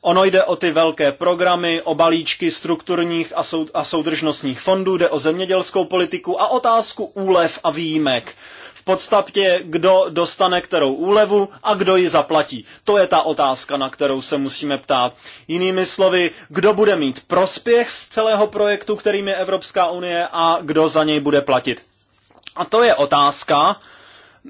Ono jde o ty velké programy, o balíčky strukturních a, sou, a soudržnostních fondů, jde o zemědělskou politiku a otázku úlev a výjimek. V podstatě, kdo dostane kterou úlevu a kdo ji zaplatí. To je ta otázka, na kterou se musíme ptát. Jinými slovy, kdo bude mít prospěch z celého projektu, kterým je Evropská unie a kdo za něj bude platit. A to je otázka,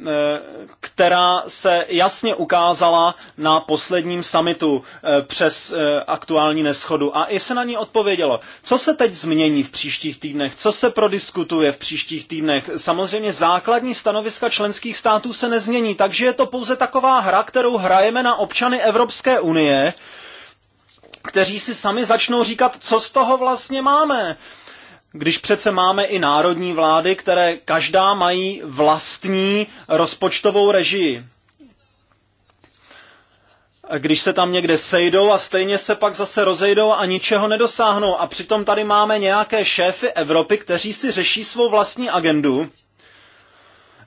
Eh, která se jasně ukázala na posledním summitu eh, přes eh, aktuální neschodu. A i se na ní odpovědělo, co se teď změní v příštích týdnech, co se prodiskutuje v příštích týdnech. Samozřejmě základní stanoviska členských států se nezmění, takže je to pouze taková hra, kterou hrajeme na občany Evropské unie, kteří si sami začnou říkat, co z toho vlastně máme když přece máme i národní vlády, které každá mají vlastní rozpočtovou režii. Když se tam někde sejdou a stejně se pak zase rozejdou a ničeho nedosáhnou. A přitom tady máme nějaké šéfy Evropy, kteří si řeší svou vlastní agendu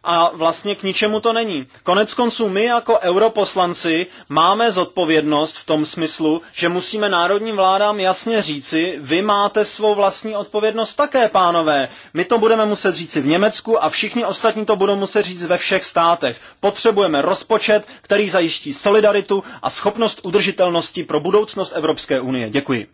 a vlastně k ničemu to není. Konec konců my jako europoslanci máme zodpovědnost v tom smyslu, že musíme národním vládám jasně říci, vy máte svou vlastní odpovědnost také, pánové. My to budeme muset říci v Německu a všichni ostatní to budou muset říct ve všech státech. Potřebujeme rozpočet, který zajiští solidaritu a schopnost udržitelnosti pro budoucnost Evropské unie. Děkuji.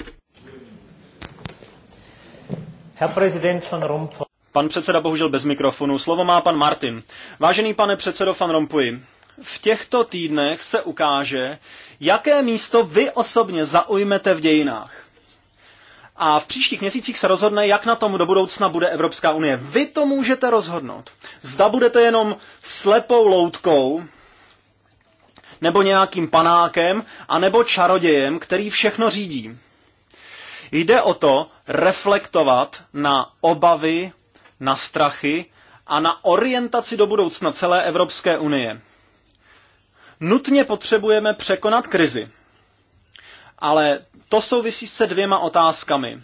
Herr Präsident von Rompuy. Pan předseda bohužel bez mikrofonu. Slovo má pan Martin. Vážený pane předsedo Van Rompuy, v těchto týdnech se ukáže, jaké místo vy osobně zaujmete v dějinách. A v příštích měsících se rozhodne, jak na tom do budoucna bude Evropská unie. Vy to můžete rozhodnout. Zda budete jenom slepou loutkou, nebo nějakým panákem, anebo čarodějem, který všechno řídí. Jde o to reflektovat na obavy na strachy a na orientaci do budoucna celé Evropské unie. Nutně potřebujeme překonat krizi. Ale to souvisí se dvěma otázkami.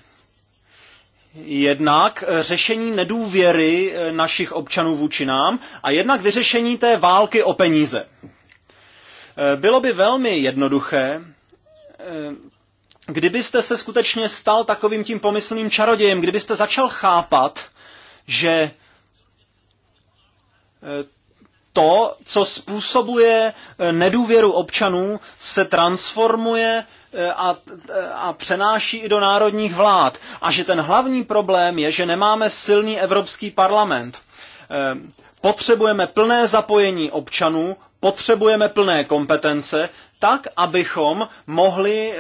Jednak řešení nedůvěry eh, našich občanů vůči nám a jednak vyřešení té války o peníze. Eh, bylo by velmi jednoduché, eh, kdybyste se skutečně stal takovým tím pomyslným čarodějem, kdybyste začal chápat, že eh, to, co způsobuje eh, nedůvěru občanů, se transformuje eh, a, a přenáší i do národních vlád. A že ten hlavní problém je, že nemáme silný Evropský parlament. Potřebujeme plné zapojení občanů, potřebujeme plné kompetence, tak, abychom mohli e,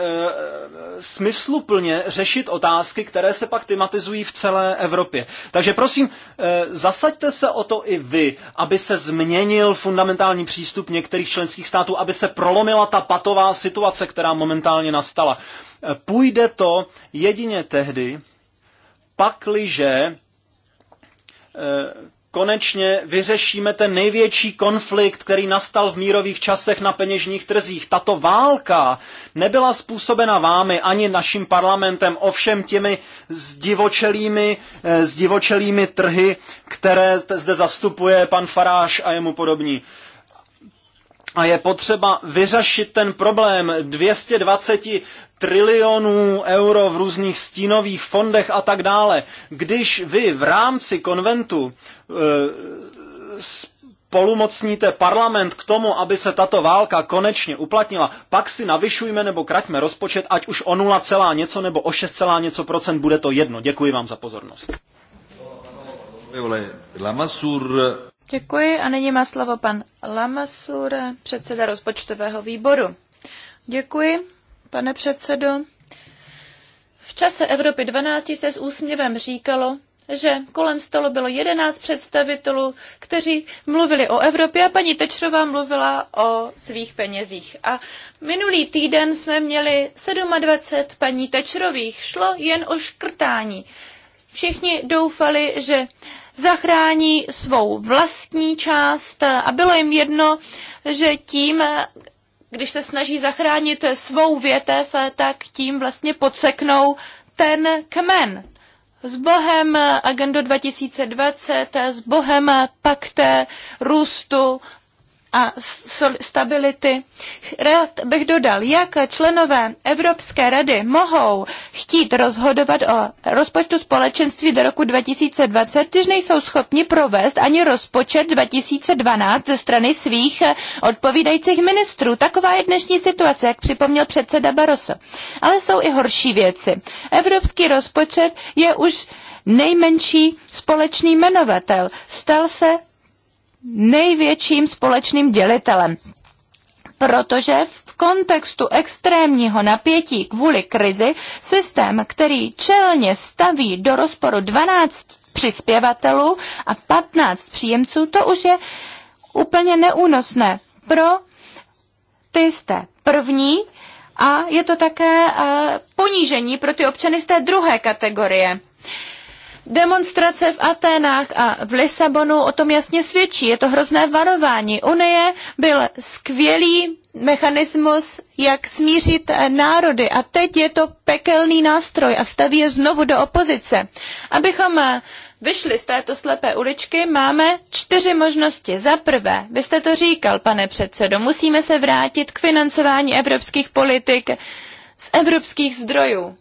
smysluplně řešit otázky, které se pak tematizují v celé Evropě. Takže prosím, e, zasaďte se o to i vy, aby se změnil fundamentální přístup některých členských států, aby se prolomila ta patová situace, která momentálně nastala. E, půjde to jedině tehdy, pakliže konečně vyřešíme ten největší konflikt, který nastal v mírových časech na peněžních trzích. Tato válka nebyla způsobena vámi ani naším parlamentem, ovšem těmi zdivočelými, eh, zdivočelými trhy, které zde zastupuje pan Faráš a jemu podobní a je potřeba vyřešit ten problém 220 trilionů euro v různých stínových fondech a tak dále. Když vy v rámci konventu e, spolumocníte parlament k tomu, aby se tato válka konečně uplatnila, pak si navyšujme nebo kraťme rozpočet, ať už o 0, něco nebo o 6, něco procent, bude to jedno. Děkuji vám za pozornost. Děkuji a nyní má slovo pan Lamasur, předseda rozpočtového výboru. Děkuji, pane předsedo. V čase Evropy 12 se s úsměvem říkalo, že kolem stolu bylo 11 představitelů, kteří mluvili o Evropě a paní Tečrová mluvila o svých penězích. A minulý týden jsme měli 27 paní Tečrových. Šlo jen o škrtání. Všichni doufali, že zachrání svou vlastní část a bylo jim jedno, že tím, když se snaží zachránit svou větev, tak tím vlastně podseknou ten kmen. S Bohem Agendo 2020, s Bohem Pakte, růstu a stability. Rád bych dodal, jak členové Evropské rady mohou chtít rozhodovat o rozpočtu společenství do roku 2020, když nejsou schopni provést ani rozpočet 2012 ze strany svých odpovídajících ministrů. Taková je dnešní situace, jak připomněl předseda Barroso. Ale jsou i horší věci. Evropský rozpočet je už nejmenší společný jmenovatel. Stal se největším společným dělitelem. Protože v kontextu extrémního napětí kvůli krizi systém, který čelně staví do rozporu 12 přispěvatelů a 15 příjemců, to už je úplně neúnosné. Pro ty jste první a je to také eh, ponížení pro ty občany z té druhé kategorie. Demonstrace v Aténách a v Lisabonu o tom jasně svědčí. Je to hrozné varování. Unie byl skvělý mechanismus, jak smířit národy a teď je to pekelný nástroj a staví je znovu do opozice. Abychom vyšli z této slepé uličky, máme čtyři možnosti. Za prvé, vy jste to říkal, pane předsedo, musíme se vrátit k financování evropských politik z evropských zdrojů.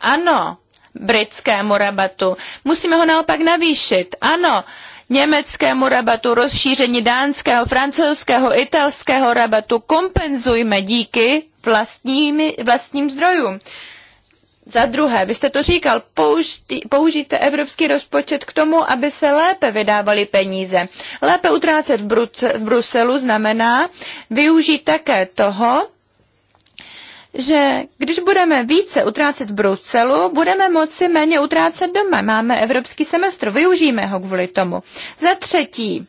Ano, britskému rabatu. Musíme ho naopak navýšit. Ano, německému rabatu, rozšíření dánského, francouzského, italského rabatu kompenzujme díky vlastními, vlastním zdrojům. Za druhé, vy jste to říkal, použijte evropský rozpočet k tomu, aby se lépe vydávaly peníze. Lépe utrácet v, Bruce, v Bruselu znamená využít také toho, že když budeme více utrácet v Bruselu, budeme moci méně utrácet doma. Máme evropský semestr, využijeme ho kvůli tomu. Za třetí,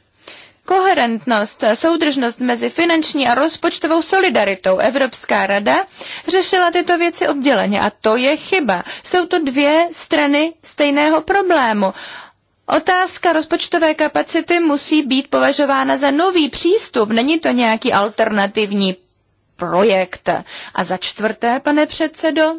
koherentnost, soudržnost mezi finanční a rozpočtovou solidaritou. Evropská rada řešila tyto věci odděleně a to je chyba. Jsou to dvě strany stejného problému. Otázka rozpočtové kapacity musí být považována za nový přístup. Není to nějaký alternativní projekt. A za čtvrté, pane předsedo,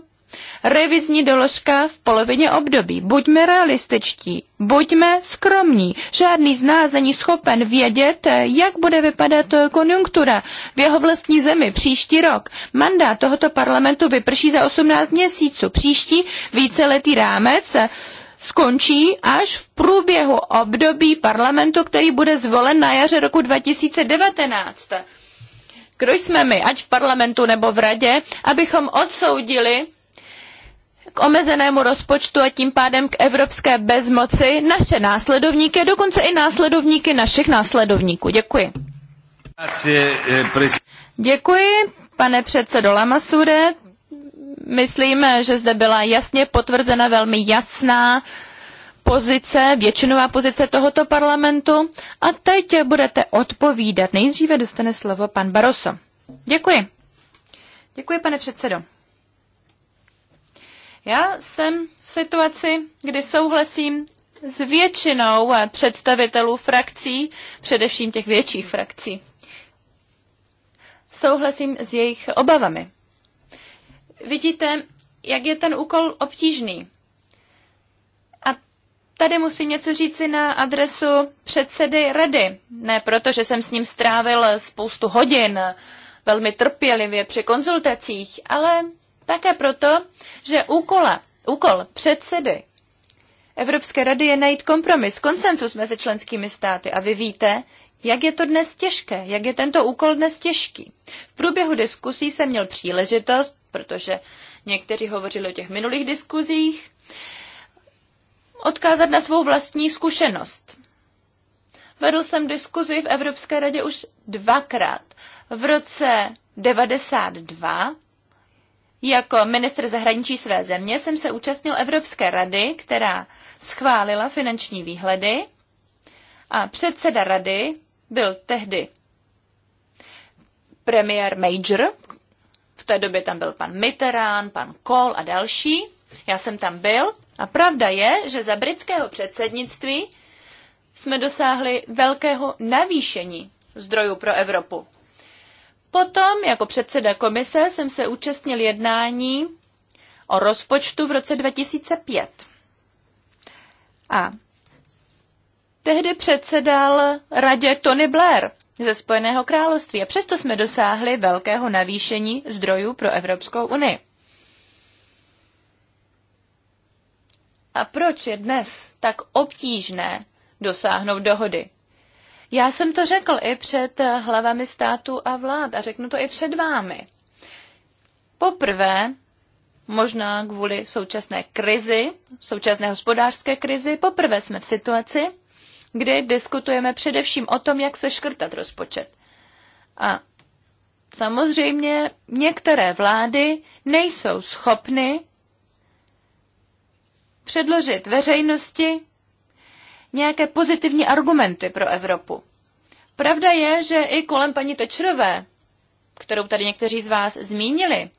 Revizní doložka v polovině období. Buďme realističtí, buďme skromní. Žádný z nás není schopen vědět, jak bude vypadat konjunktura v jeho vlastní zemi příští rok. Mandát tohoto parlamentu vyprší za 18 měsíců. Příští víceletý rámec skončí až v průběhu období parlamentu, který bude zvolen na jaře roku 2019 kdo jsme my, ať v parlamentu nebo v radě, abychom odsoudili k omezenému rozpočtu a tím pádem k evropské bezmoci naše následovníky, dokonce i následovníky našich následovníků. Děkuji. Děkuji, pane předsedo Lamasure. Myslím, že zde byla jasně potvrzena velmi jasná pozice, většinová pozice tohoto parlamentu a teď budete odpovídat. Nejdříve dostane slovo pan Baroso. Děkuji. Děkuji, pane předsedo. Já jsem v situaci, kdy souhlasím s většinou představitelů frakcí, především těch větších frakcí. Souhlasím s jejich obavami. Vidíte, jak je ten úkol obtížný tady musím něco říci na adresu předsedy Rady. Ne proto, že jsem s ním strávil spoustu hodin velmi trpělivě při konzultacích, ale také proto, že úkola, úkol předsedy Evropské rady je najít kompromis, konsensus mezi členskými státy. A vy víte, jak je to dnes těžké, jak je tento úkol dnes těžký. V průběhu diskusí jsem měl příležitost, protože někteří hovořili o těch minulých diskuzích, odkázat na svou vlastní zkušenost. Vedl jsem diskuzi v Evropské radě už dvakrát. V roce 92 jako ministr zahraničí své země jsem se účastnil Evropské rady, která schválila finanční výhledy a předseda rady byl tehdy premiér Major, v té době tam byl pan Mitterrand, pan Kohl a další. Já jsem tam byl a pravda je, že za britského předsednictví jsme dosáhli velkého navýšení zdrojů pro Evropu. Potom jako předseda komise jsem se účastnil jednání o rozpočtu v roce 2005. A tehdy předsedal radě Tony Blair ze Spojeného království a přesto jsme dosáhli velkého navýšení zdrojů pro Evropskou unii. a proč je dnes tak obtížné dosáhnout dohody. Já jsem to řekl i před hlavami státu a vlád a řeknu to i před vámi. Poprvé, možná kvůli současné krizi, současné hospodářské krizi, poprvé jsme v situaci, kdy diskutujeme především o tom, jak se škrtat rozpočet. A samozřejmě některé vlády nejsou schopny předložit veřejnosti nějaké pozitivní argumenty pro Evropu. Pravda je, že i kolem paní Tečrové, kterou tady někteří z vás zmínili,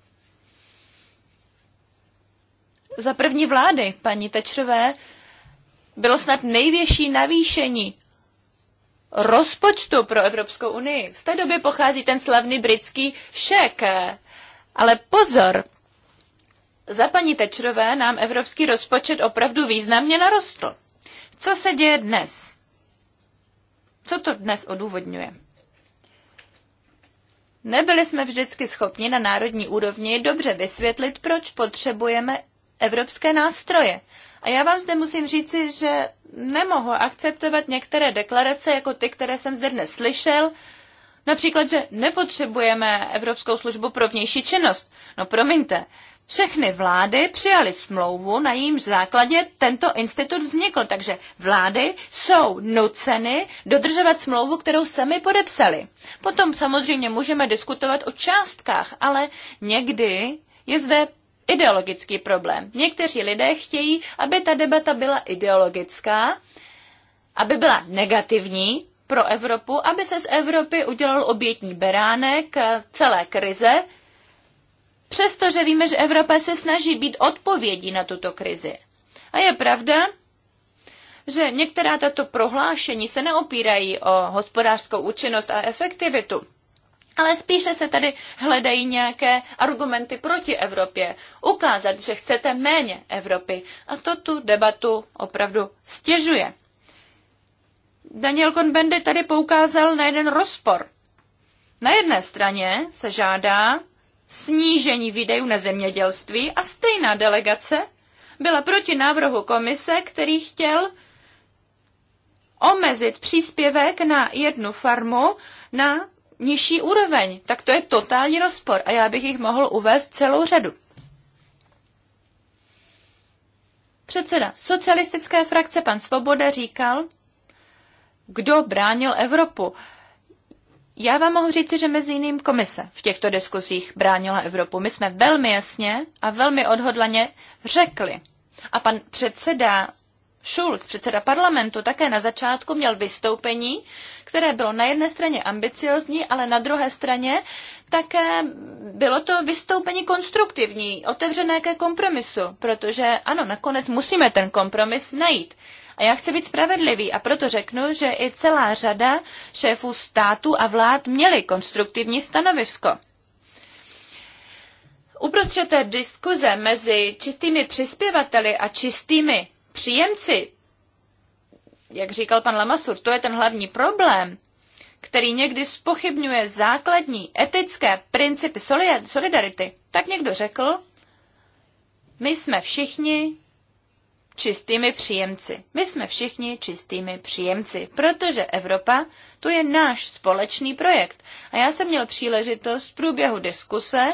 za první vlády paní Tečrové bylo snad největší navýšení rozpočtu pro Evropskou unii. V té době pochází ten slavný britský šek. Ale pozor, za paní Tečrové nám evropský rozpočet opravdu významně narostl. Co se děje dnes? Co to dnes odůvodňuje? Nebyli jsme vždycky schopni na národní úrovni dobře vysvětlit, proč potřebujeme evropské nástroje. A já vám zde musím říci, že nemohu akceptovat některé deklarace, jako ty, které jsem zde dnes slyšel, například, že nepotřebujeme Evropskou službu pro vnější činnost. No promiňte, všechny vlády přijaly smlouvu, na jejímž základě tento institut vznikl, takže vlády jsou nuceny dodržovat smlouvu, kterou sami podepsali. Potom samozřejmě můžeme diskutovat o částkách, ale někdy je zde ideologický problém. Někteří lidé chtějí, aby ta debata byla ideologická, aby byla negativní pro Evropu, aby se z Evropy udělal obětní beránek celé krize, Přestože víme, že Evropa se snaží být odpovědí na tuto krizi. A je pravda, že některá tato prohlášení se neopírají o hospodářskou účinnost a efektivitu, ale spíše se tady hledají nějaké argumenty proti Evropě, ukázat, že chcete méně Evropy. A to tu debatu opravdu stěžuje. Daniel Cohn-Bendit tady poukázal na jeden rozpor. Na jedné straně se žádá, snížení výdejů na zemědělství a stejná delegace byla proti návrhu komise, který chtěl omezit příspěvek na jednu farmu na nižší úroveň. Tak to je totální rozpor a já bych jich mohl uvést celou řadu. Předseda socialistické frakce pan Svoboda říkal, kdo bránil Evropu. Já vám mohu říct, že mezi jiným komise v těchto diskusích bránila Evropu. My jsme velmi jasně a velmi odhodlaně řekli. A pan předseda Schulz, předseda parlamentu, také na začátku měl vystoupení, které bylo na jedné straně ambiciozní, ale na druhé straně také bylo to vystoupení konstruktivní, otevřené ke kompromisu, protože ano, nakonec musíme ten kompromis najít. A já chci být spravedlivý a proto řeknu, že i celá řada šéfů států a vlád měli konstruktivní stanovisko. Uprostřed té diskuze mezi čistými přispěvateli a čistými příjemci, jak říkal pan Lamasur, to je ten hlavní problém, který někdy spochybňuje základní etické principy solidarity, tak někdo řekl, my jsme všichni čistými příjemci. My jsme všichni čistými příjemci, protože Evropa to je náš společný projekt. A já jsem měl příležitost v průběhu diskuse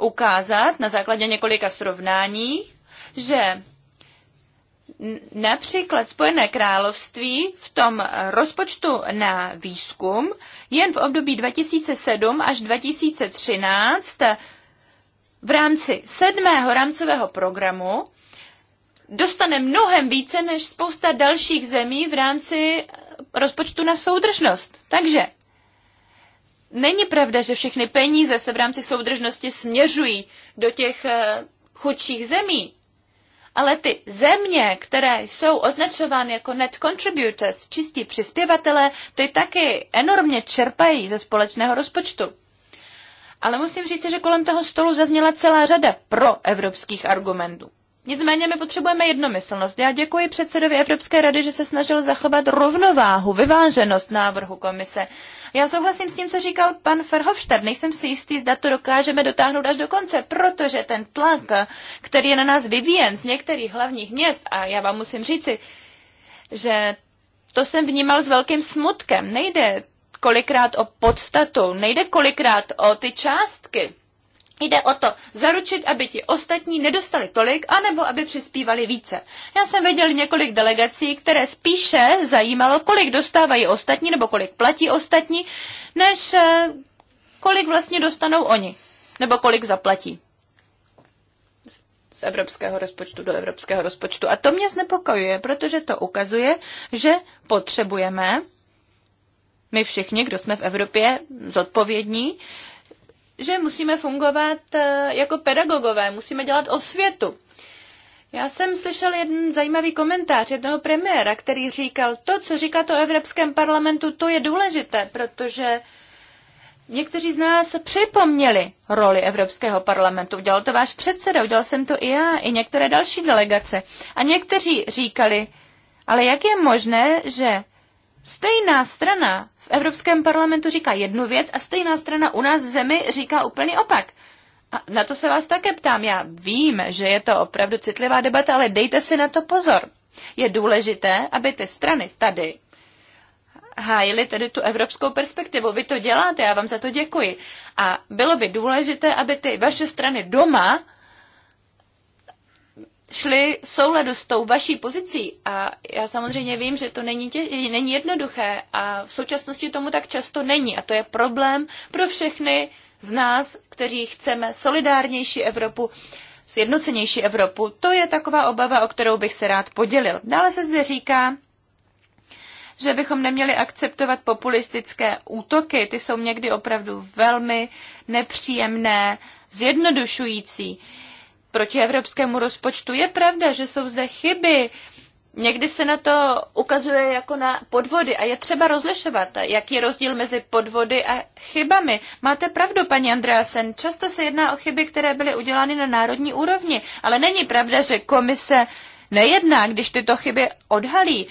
ukázat na základě několika srovnání, že například Spojené království v tom rozpočtu na výzkum jen v období 2007 až 2013 v rámci sedmého rámcového programu dostane mnohem více než spousta dalších zemí v rámci rozpočtu na soudržnost. Takže není pravda, že všechny peníze se v rámci soudržnosti směřují do těch eh, chudších zemí. Ale ty země, které jsou označovány jako net contributors, čistí přispěvatele, ty taky enormně čerpají ze společného rozpočtu. Ale musím říct, že kolem toho stolu zazněla celá řada proevropských argumentů. Nicméně my potřebujeme jednomyslnost. Já děkuji předsedovi Evropské rady, že se snažil zachovat rovnováhu, vyváženost návrhu komise. Já souhlasím s tím, co říkal pan Ferhofštad. Nejsem si jistý, zda to dokážeme dotáhnout až do konce, protože ten tlak, který je na nás vyvíjen z některých hlavních měst, a já vám musím říci, že to jsem vnímal s velkým smutkem. Nejde kolikrát o podstatu, nejde kolikrát o ty částky, Jde o to zaručit, aby ti ostatní nedostali tolik, anebo aby přispívali více. Já jsem viděl několik delegací, které spíše zajímalo, kolik dostávají ostatní nebo kolik platí ostatní, než eh, kolik vlastně dostanou oni, nebo kolik zaplatí z evropského rozpočtu do evropského rozpočtu. A to mě znepokojuje, protože to ukazuje, že potřebujeme, my všichni, kdo jsme v Evropě zodpovědní, že musíme fungovat eh, jako pedagogové, musíme dělat osvětu. Já jsem slyšel jeden zajímavý komentář jednoho premiéra, který říkal, to, co říká o Evropském parlamentu, to je důležité, protože někteří z nás připomněli roli Evropského parlamentu. Udělal to váš předseda, udělal jsem to i já, i některé další delegace. A někteří říkali, ale jak je možné, že stejná strana v Evropském parlamentu říká jednu věc a stejná strana u nás v zemi říká úplný opak. A na to se vás také ptám. Já vím, že je to opravdu citlivá debata, ale dejte si na to pozor. Je důležité, aby ty strany tady hájili tedy tu evropskou perspektivu. Vy to děláte, já vám za to děkuji. A bylo by důležité, aby ty vaše strany doma šli v souladu s tou vaší pozicí. A já samozřejmě vím, že to není, tě, není jednoduché a v současnosti tomu tak často není. A to je problém pro všechny z nás, kteří chceme solidárnější Evropu, sjednocenější Evropu. To je taková obava, o kterou bych se rád podělil. Dále se zde říká, že bychom neměli akceptovat populistické útoky. Ty jsou někdy opravdu velmi nepříjemné, zjednodušující. Uh, proti evropskému rozpočtu. Je pravda, že jsou zde chyby, Někdy se na to ukazuje jako na podvody a je třeba rozlišovat, jaký je rozdíl mezi podvody a chybami. Máte pravdu, paní Andreasen, často se jedná o chyby, které byly udělány na národní úrovni, ale není pravda, že komise nejedná, když tyto chyby odhalí.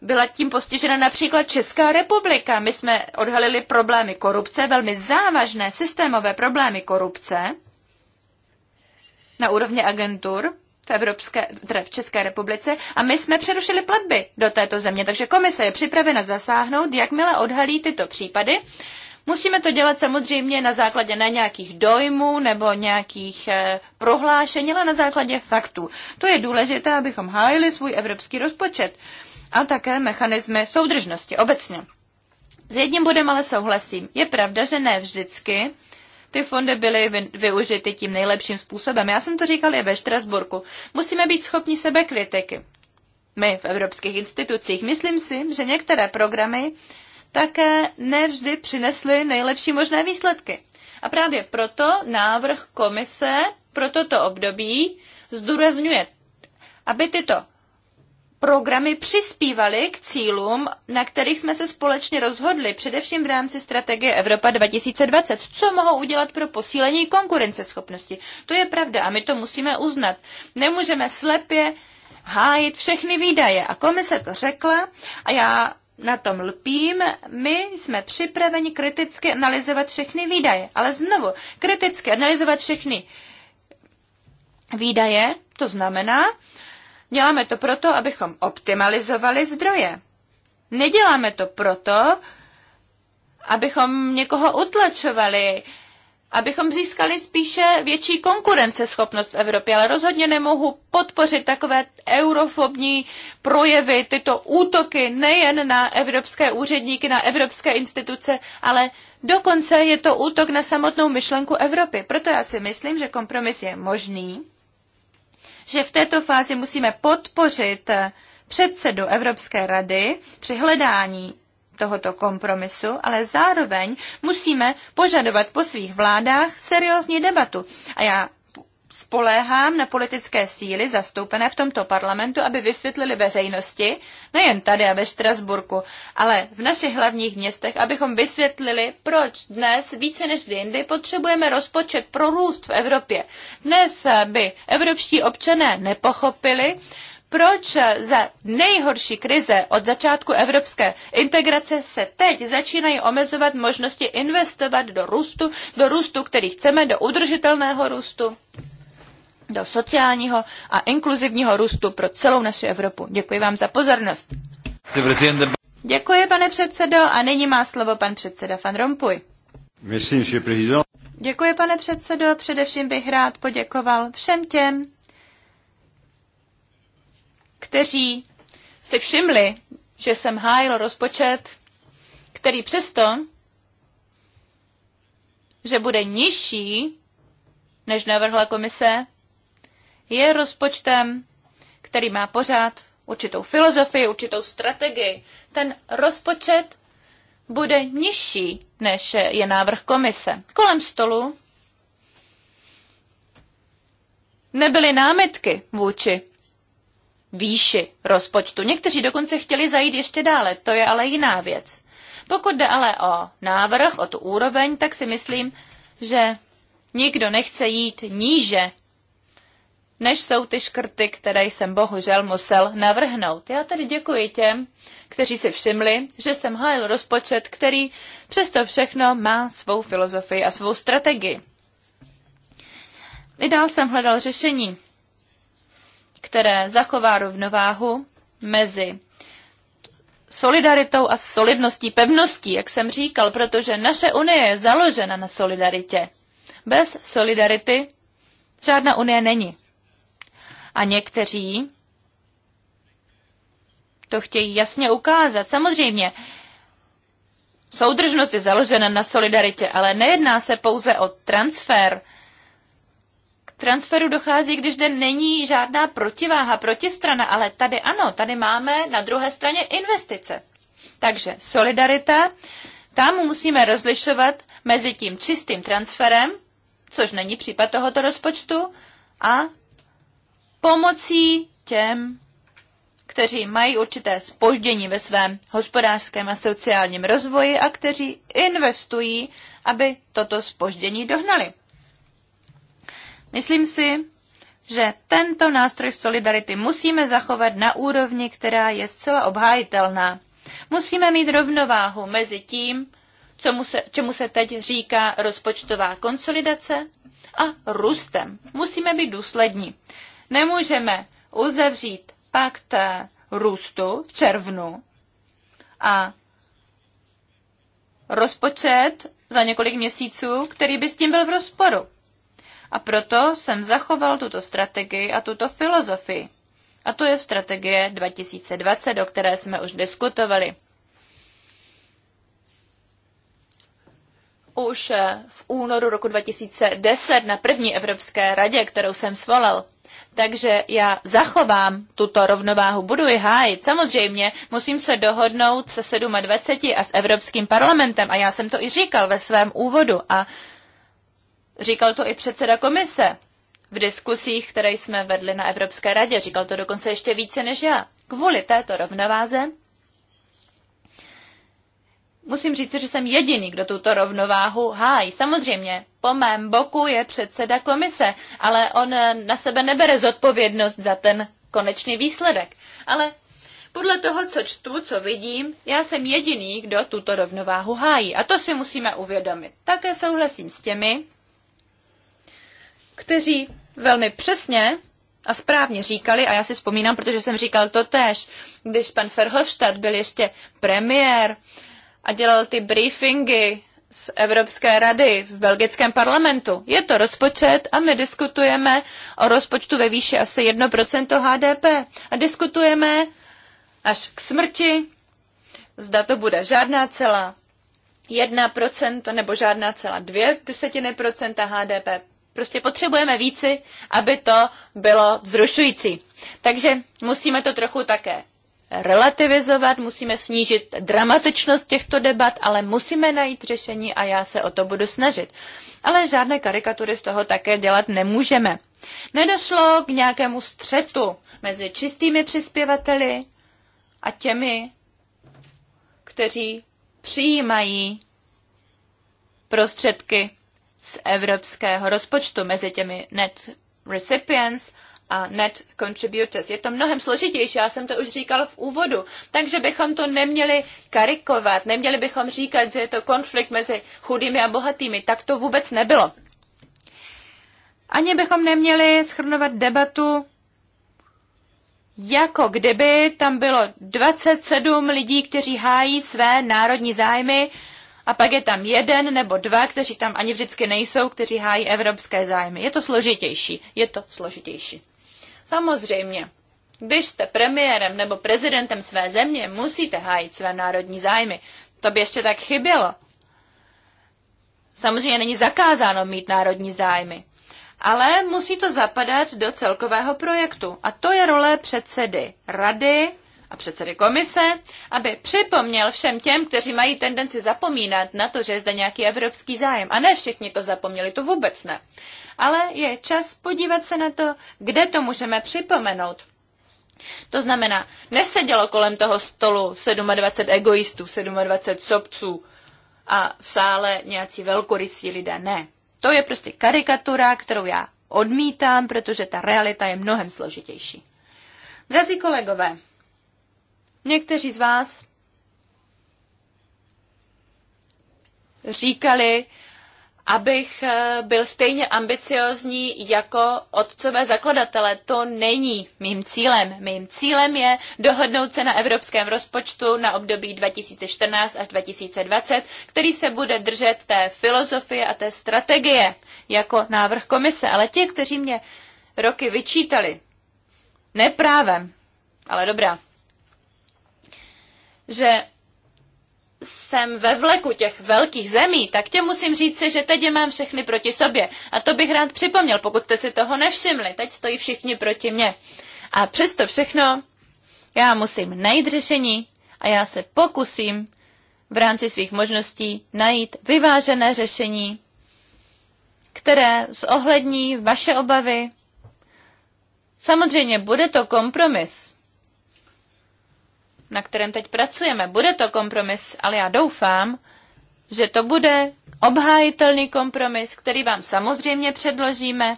Byla tím postižena například Česká republika. My jsme odhalili problémy korupce, velmi závažné systémové problémy korupce na úrovni agentur v, Evropské, teda v České republice a my jsme přerušili platby do této země, takže komise je připravena zasáhnout, jakmile odhalí tyto případy. Musíme to dělat samozřejmě na základě na nějakých dojmů nebo nějakých eh, prohlášení, ale na základě faktů. To je důležité, abychom hájili svůj evropský rozpočet a také mechanismy soudržnosti obecně. S jedním bodem ale souhlasím. Je pravda, že ne vždycky ty fondy byly využity tím nejlepším způsobem. Já jsem to říkal i ve Štrasburku. Musíme být schopni kritiky. My v evropských institucích. Myslím si, že některé programy také nevždy přinesly nejlepší možné výsledky. A právě proto návrh komise pro toto období zdůrazňuje, aby tyto programy přispívaly k cílům, na kterých jsme se společně rozhodli, především v rámci strategie Evropa 2020. Co mohou udělat pro posílení konkurenceschopnosti? To je pravda a my to musíme uznat. Nemůžeme slepě hájit všechny výdaje. A komise to řekla a já na tom lpím, my jsme připraveni kriticky analyzovat všechny výdaje. Ale znovu, kriticky analyzovat všechny výdaje, to znamená, Děláme to proto, abychom optimalizovali zdroje. Neděláme to proto, abychom někoho utlačovali, abychom získali spíše větší konkurenceschopnost v Evropě, ale rozhodně nemohu podpořit takové eurofobní projevy, tyto útoky nejen na evropské úředníky, na evropské instituce, ale dokonce je to útok na samotnou myšlenku Evropy. Proto já si myslím, že kompromis je možný že v této fázi musíme podpořit předsedu Evropské rady při hledání tohoto kompromisu, ale zároveň musíme požadovat po svých vládách seriózní debatu. A já spoléhám na politické síly zastoupené v tomto parlamentu, aby vysvětlili veřejnosti, nejen tady a ve Štrasburku, ale v našich hlavních městech, abychom vysvětlili, proč dnes více než jindy potřebujeme rozpočet pro růst v Evropě. Dnes by evropští občané nepochopili, proč za nejhorší krize od začátku evropské integrace se teď začínají omezovat možnosti investovat do růstu, do růstu, který chceme, do udržitelného růstu do sociálního a inkluzivního růstu pro celou naši Evropu. Děkuji vám za pozornost. Děkuji, pane předsedo, a nyní má slovo pan předseda Van Rompuy. Děkuji, pane předsedo. Především bych rád poděkoval všem těm, kteří si všimli, že jsem hájil rozpočet, který přesto, že bude nižší, než navrhla komise, je rozpočtem, který má pořád určitou filozofii, určitou strategii. Ten rozpočet bude nižší, než je návrh komise. Kolem stolu nebyly námitky vůči výši rozpočtu. Někteří dokonce chtěli zajít ještě dále, to je ale jiná věc. Pokud jde ale o návrh, o tu úroveň, tak si myslím, že nikdo nechce jít níže než jsou ty škrty, které jsem bohužel musel navrhnout. Já tedy děkuji těm, kteří si všimli, že jsem hájil rozpočet, který přesto všechno má svou filozofii a svou strategii. I dál jsem hledal řešení, které zachová rovnováhu mezi solidaritou a solidností, pevností, jak jsem říkal, protože naše unie je založena na solidaritě. Bez solidarity žádná unie není. A někteří to chtějí jasně ukázat. Samozřejmě, soudržnost je založena na solidaritě, ale nejedná se pouze o transfer. K transferu dochází, když zde není žádná protiváha, protistrana, ale tady ano, tady máme na druhé straně investice. Takže solidarita, tam musíme rozlišovat mezi tím čistým transferem, což není případ tohoto rozpočtu, a pomocí těm, kteří mají určité spoždění ve svém hospodářském a sociálním rozvoji a kteří investují, aby toto spoždění dohnali. Myslím si, že tento nástroj solidarity musíme zachovat na úrovni, která je zcela obhájitelná. Musíme mít rovnováhu mezi tím, co mu se, čemu se teď říká rozpočtová konsolidace a růstem. Musíme být důslední. Nemůžeme uzavřít pakt eh, růstu v červnu a rozpočet za několik měsíců, který by s tím byl v rozporu. A proto jsem zachoval tuto strategii a tuto filozofii. A to je strategie 2020, o které jsme už diskutovali. už eh, v únoru roku 2010 na první Evropské radě, kterou jsem svolal. Takže já zachovám tuto rovnováhu, budu ji hájit. Samozřejmě musím se dohodnout se 27 a s Evropským parlamentem a já jsem to i říkal ve svém úvodu a říkal to i předseda komise v diskusích, které jsme vedli na Evropské radě. Říkal to dokonce ještě více než já. Kvůli této rovnováze musím říct, že jsem jediný, kdo tuto rovnováhu hájí. Samozřejmě, po mém boku je předseda komise, ale on eh, na sebe nebere zodpovědnost za ten konečný výsledek. Ale podle toho, co čtu, co vidím, já jsem jediný, kdo tuto rovnováhu hájí. A to si musíme uvědomit. Také souhlasím s těmi, kteří velmi přesně a správně říkali, a já si vzpomínám, protože jsem říkal to tež, když pan Ferhofstadt byl ještě premiér, uh, a dělal ty briefingy z Evropské rady v belgickém parlamentu. Je to rozpočet a my diskutujeme o rozpočtu ve výši asi 1% HDP. A diskutujeme až k smrti, zda to bude žádná celá 1% nebo žádná celá 2 procenta HDP. Prostě potřebujeme víci, aby to bylo vzrušující. Takže musíme to trochu také relativizovat, musíme snížit dramatičnost těchto debat, ale musíme najít řešení a já se o to budu snažit. Ale žádné karikatury z toho také dělat nemůžeme. Nedošlo k nějakému střetu mezi čistými přispěvateli a těmi, kteří přijímají prostředky z evropského rozpočtu mezi těmi net recipients a net contributors. Je to mnohem složitější, já jsem to už říkal v úvodu, takže bychom to neměli karikovat, neměli bychom říkat, že je to konflikt mezi chudými a bohatými. Tak to vůbec nebylo. Ani bychom neměli schrnovat debatu jako kdyby tam bylo 27 lidí, kteří hájí své národní zájmy a pak je tam jeden nebo dva, kteří tam ani vždycky nejsou, kteří hájí evropské zájmy. Je to složitější. Je to složitější. Samozřejmě, když jste premiérem nebo prezidentem své země, musíte hájit své národní zájmy. To by ještě tak chybělo. Samozřejmě není zakázáno mít národní zájmy, ale musí to zapadat do celkového projektu. A to je role předsedy rady a předsedy komise, aby připomněl všem těm, kteří mají tendenci zapomínat na to, že je zde nějaký evropský zájem. A ne všichni to zapomněli, to vůbec ne ale je čas podívat se na to, kde to můžeme připomenout. To znamená, nesedělo kolem toho stolu 27 egoistů, 27 sobců a v sále nějací velkorysí lidé. Ne. To je prostě karikatura, kterou já odmítám, protože ta realita je mnohem složitější. Drazí kolegové, někteří z vás říkali, abych eh, byl stejně ambiciozní jako otcové zakladatele. To není mým cílem. Mým cílem je dohodnout se na evropském rozpočtu na období 2014 až 2020, který se bude držet té filozofie a té strategie jako návrh komise. Ale ti, kteří mě roky vyčítali, neprávem, ale dobrá, že jsem ve vleku těch velkých zemí, tak tě musím říci, že teď je mám všechny proti sobě. A to bych rád připomněl, pokud jste si toho nevšimli. Teď stojí všichni proti mně. A přesto všechno já musím najít řešení a já se pokusím v rámci svých možností najít vyvážené řešení, které zohlední vaše obavy. Samozřejmě bude to kompromis na kterém teď pracujeme. Bude to kompromis, ale já doufám, že to bude obhájitelný kompromis, který vám samozřejmě předložíme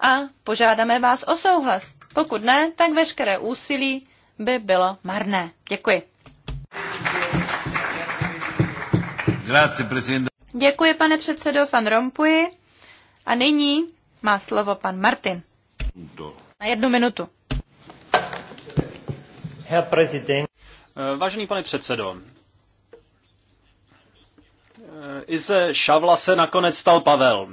a požádáme vás o souhlas. Pokud ne, tak veškeré úsilí by bylo marné. Děkuji. Děkuji, pane předsedo Van Rompuy. A nyní má slovo pan Martin. Na jednu minutu. Herr Präsident. Eh, vážený pane předsedo, eh, i ze Šavla se nakonec stal Pavel.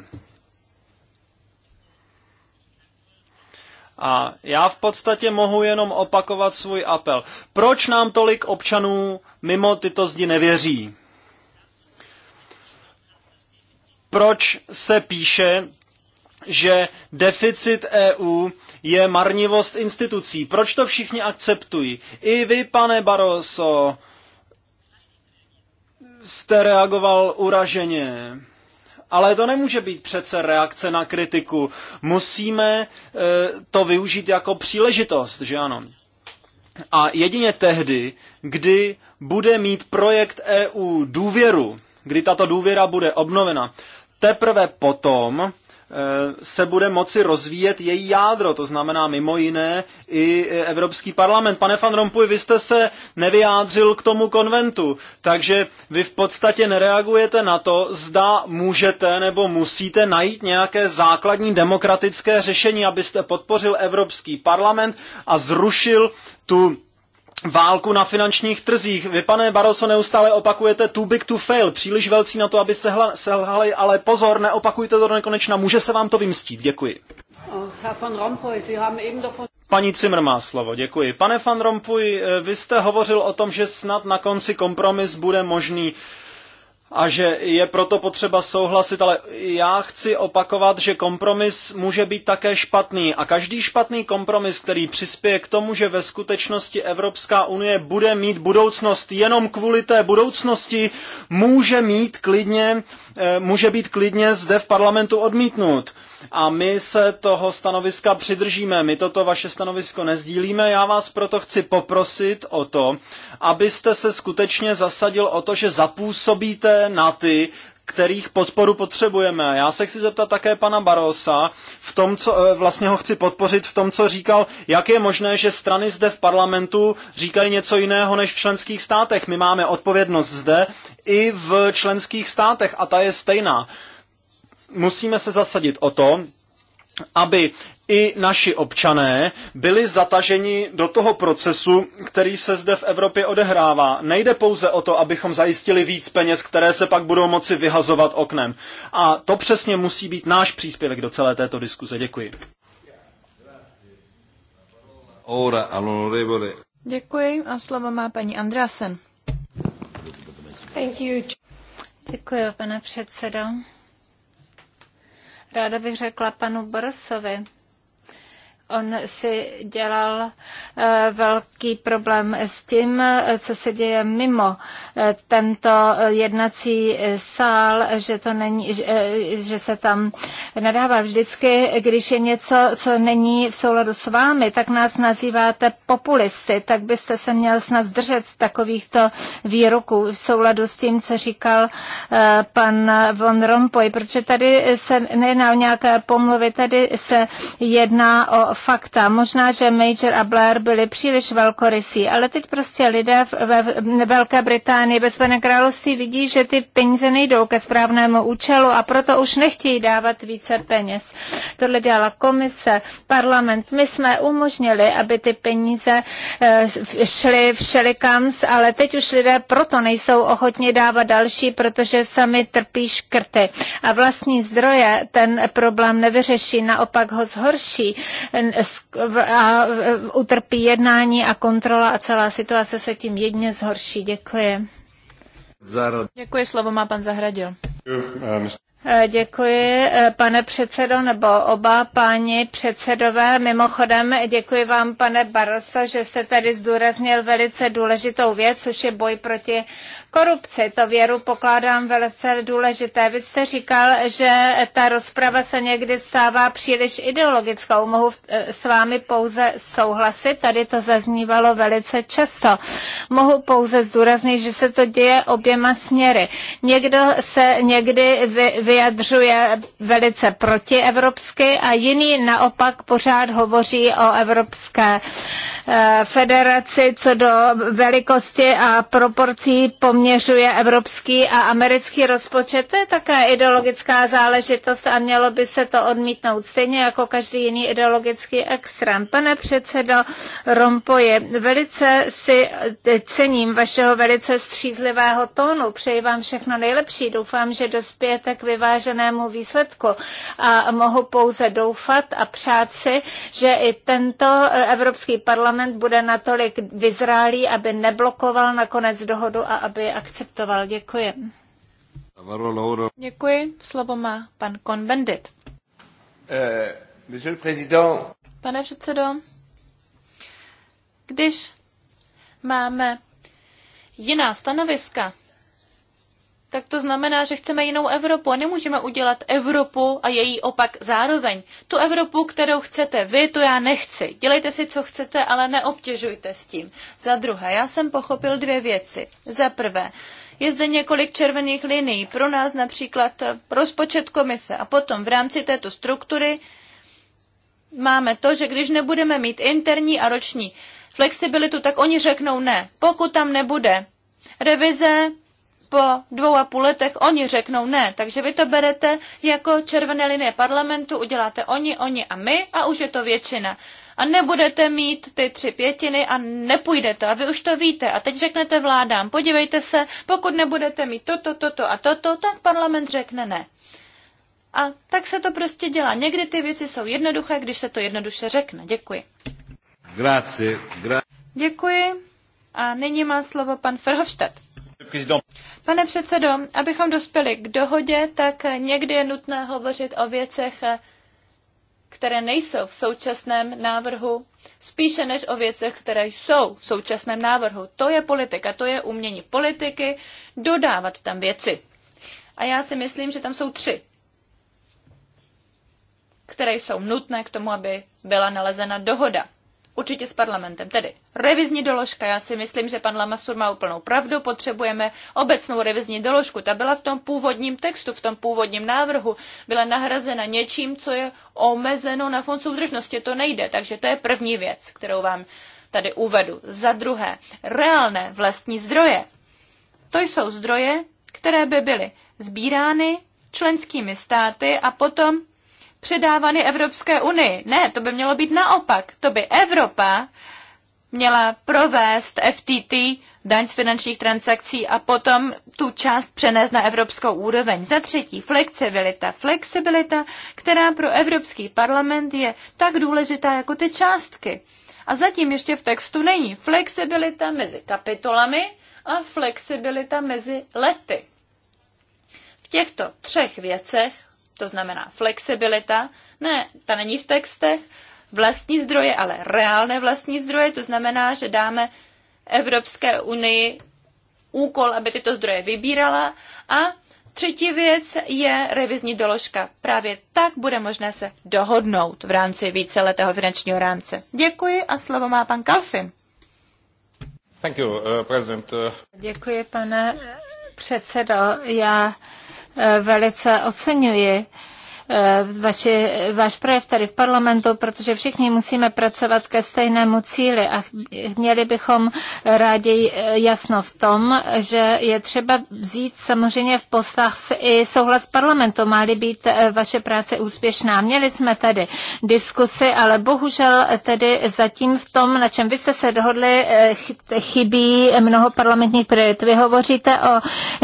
A já v podstatě mohu jenom opakovat svůj apel. Proč nám tolik občanů mimo tyto zdi nevěří? Proč se píše že deficit EU je marnivost institucí. Proč to všichni akceptují? I vy, pane Barroso, jste reagoval uraženě. Ale to nemůže být přece reakce na kritiku. Musíme e, to využít jako příležitost, že ano? A jedině tehdy, kdy bude mít projekt EU důvěru, kdy tato důvěra bude obnovena, teprve potom Eh, se bude moci rozvíjet její jádro, to znamená mimo jiné i eh, Evropský parlament. Pane Van Rompuy, vy jste se nevyjádřil k tomu konventu, takže vy v podstatě nereagujete na to, zda můžete nebo musíte najít nějaké základní demokratické řešení, abyste podpořil Evropský parlament a zrušil tu válku na finančních trzích. Vy, pane Barroso, neustále opakujete too big to fail, příliš velcí na to, aby sehla, selhali, ale pozor, neopakujte to do nekonečna, může se vám to vymstít. Děkuji. Oh, Paní Cimr má slovo, děkuji. Pane Van Rompuy, eh, vy jste hovořil o tom, že snad na konci kompromis bude možný a že je proto potřeba souhlasit, ale já chci opakovat, že kompromis může být také špatný a každý špatný kompromis, který přispěje k tomu, že ve skutečnosti Evropská unie bude mít budoucnost jenom kvůli té budoucnosti, může mít klidně, eh, může být klidně zde v parlamentu odmítnut. A my se toho stanoviska přidržíme, my toto vaše stanovisko nezdílíme, já vás proto chci poprosit o to, abyste se skutečně zasadil o to, že zapůsobíte na ty, kterých podporu potřebujeme. Já se chci zeptat také pana Barosa, v tom, co, eh, vlastně ho chci podpořit v tom, co říkal, jak je možné, že strany zde v parlamentu říkají něco jiného než v členských státech. My máme odpovědnost zde i v členských státech a ta je stejná. Musíme se zasadit o to, aby i naši občané byli zataženi do toho procesu, který se zde v Evropě odehrává. Nejde pouze o to, abychom zajistili víc peněz, které se pak budou moci vyhazovat oknem. A to přesně musí být náš příspěvek do celé této diskuze. Děkuji. Děkuji a slovo má paní Andrásen. Děkuji, pane předsedo. Ráda bych řekla panu Borosovi, On si dělal eh, velký problém s tím, eh, co se děje mimo eh, tento jednací sál, že, to není, že se tam nadává vždycky, když je něco, co není v souladu s vámi, tak nás nazýváte populisty, tak byste se měl snad zdržet takovýchto výroků v souladu s tím, co říkal pan von Rompuy, protože tady se nejedná o nějaké pomluvy, tady se jedná o fakta. Možná, že Major a Blair byli příliš velkorysí, ale teď prostě lidé ve Velké Británii, ve Spojeném království vidí, že ty peníze nejdou ke správnému účelu a proto už nechtějí dávat více peněz. Tohle dělala komise, parlament. My jsme umožnili, aby ty peníze eh, šly všelikam, ale teď už lidé proto nejsou ochotni dávat další, protože sami trpí škrty. A vlastní zdroje ten problém nevyřeší, naopak ho zhorší a utrpí jednání a kontrola a celá situace se tím jedně zhorší. Děkuji. Děkuji, slovo má pan Zahradil. Eh, děkuji, eh, pane předsedo, nebo oba páni předsedové. Mimochodem, děkuji vám, pane Barroso, že jste tady zdůraznil velice důležitou věc, což je boj proti korupci. To věru pokládám velice důležité. Vy jste říkal, že ta rozprava se někdy stává příliš ideologickou. Mohu eh, s vámi pouze souhlasit, tady to zaznívalo velice často. Mohu pouze zdůraznit, že se to děje oběma směry. Někdo se někdy vyjadřuje velice proti evropsky a jiný naopak pořád hovoří o Evropské eh, federaci co do velikosti a proporcí poměrů poměřuje evropský a americký rozpočet. To je také ideologická záležitost a mělo by se to odmítnout stejně jako každý jiný ideologický extrém. Pane předsedo Rompoje, velice si eh, cením vašeho velice střízlivého tónu. Přeji vám všechno nejlepší. Doufám, že dospějete k vyváženému výsledku a mohu pouze doufat a přát si, že i tento eh, Evropský parlament bude natolik vyzrálý, aby neblokoval nakonec dohodu a aby akceptoval. Děkuji. Děkuji. Slovo má pan Konbendit. Eh, Pane předsedo, když máme jiná stanoviska tak to znamená, že chceme jinou Evropu a nemůžeme udělat Evropu a její opak zároveň. Tu Evropu, kterou chcete vy, to já nechci. Dělejte si, co chcete, ale neobtěžujte s tím. Za druhé, já jsem pochopil dvě věci. Za prvé, je zde několik červených linií, pro nás například rozpočet komise a potom v rámci této struktury máme to, že když nebudeme mít interní a roční flexibilitu, tak oni řeknou ne. Pokud tam nebude revize po dvou a půl letech oni řeknou ne. Takže vy to berete jako červené linie parlamentu, uděláte oni, oni a my a už je to většina. A nebudete mít ty tři pětiny a nepůjdete. A vy už to víte. A teď řeknete vládám, podívejte se, pokud nebudete mít toto, toto a toto, tak parlament řekne ne. A tak se to prostě dělá. Někdy ty věci jsou jednoduché, když se to jednoduše řekne. Děkuji. Grazie. Gra- Děkuji. A nyní má slovo pan Ferhofstadt. Pane předsedo, abychom dospěli k dohodě, tak někdy je nutné hovořit o věcech, které nejsou v současném návrhu, spíše než o věcech, které jsou v současném návrhu. To je politika, to je umění politiky, dodávat tam věci. A já si myslím, že tam jsou tři, které jsou nutné k tomu, aby byla nalezena dohoda určitě s parlamentem. Tedy revizní doložka, já si myslím, že pan Lamasur má úplnou pravdu, potřebujeme obecnou revizní doložku. Ta byla v tom původním textu, v tom původním návrhu, byla nahrazena něčím, co je omezeno na fond soudržnosti. To nejde, takže to je první věc, kterou vám tady uvedu. Za druhé, reálné vlastní zdroje. To jsou zdroje, které by byly sbírány členskými státy a potom předávány Evropské unii. Ne, to by mělo být naopak. To by Evropa měla provést FTT, daň z finančních transakcí a potom tu část přenést na evropskou úroveň. Za třetí, flexibilita. Flexibilita, která pro Evropský parlament je tak důležitá jako ty částky. A zatím ještě v textu není flexibilita mezi kapitolami a flexibilita mezi lety. V těchto třech věcech to znamená flexibilita, ne, ta není v textech, vlastní zdroje, ale reálné vlastní zdroje, to znamená, že dáme Evropské unii úkol, aby tyto zdroje vybírala a Třetí věc je revizní doložka. Právě tak bude možné se dohodnout v rámci víceletého finančního rámce. Děkuji a slovo má pan Kalfin. Thank you, uh, president. Uh, Děkuji, pane předsedo. Já Eh, velice oceňuji Eh, vaše váš projev tady v parlamentu, protože všichni musíme pracovat ke stejnému cíli a měli bychom rádi eh, jasno v tom, že je třeba vzít samozřejmě v postách i souhlas parlamentu, má být eh, vaše práce úspěšná. Měli jsme tady diskusy, ale bohužel tedy zatím v tom, na čem vy jste se dohodli, chybí mnoho parlamentních priorit. Vy hovoříte o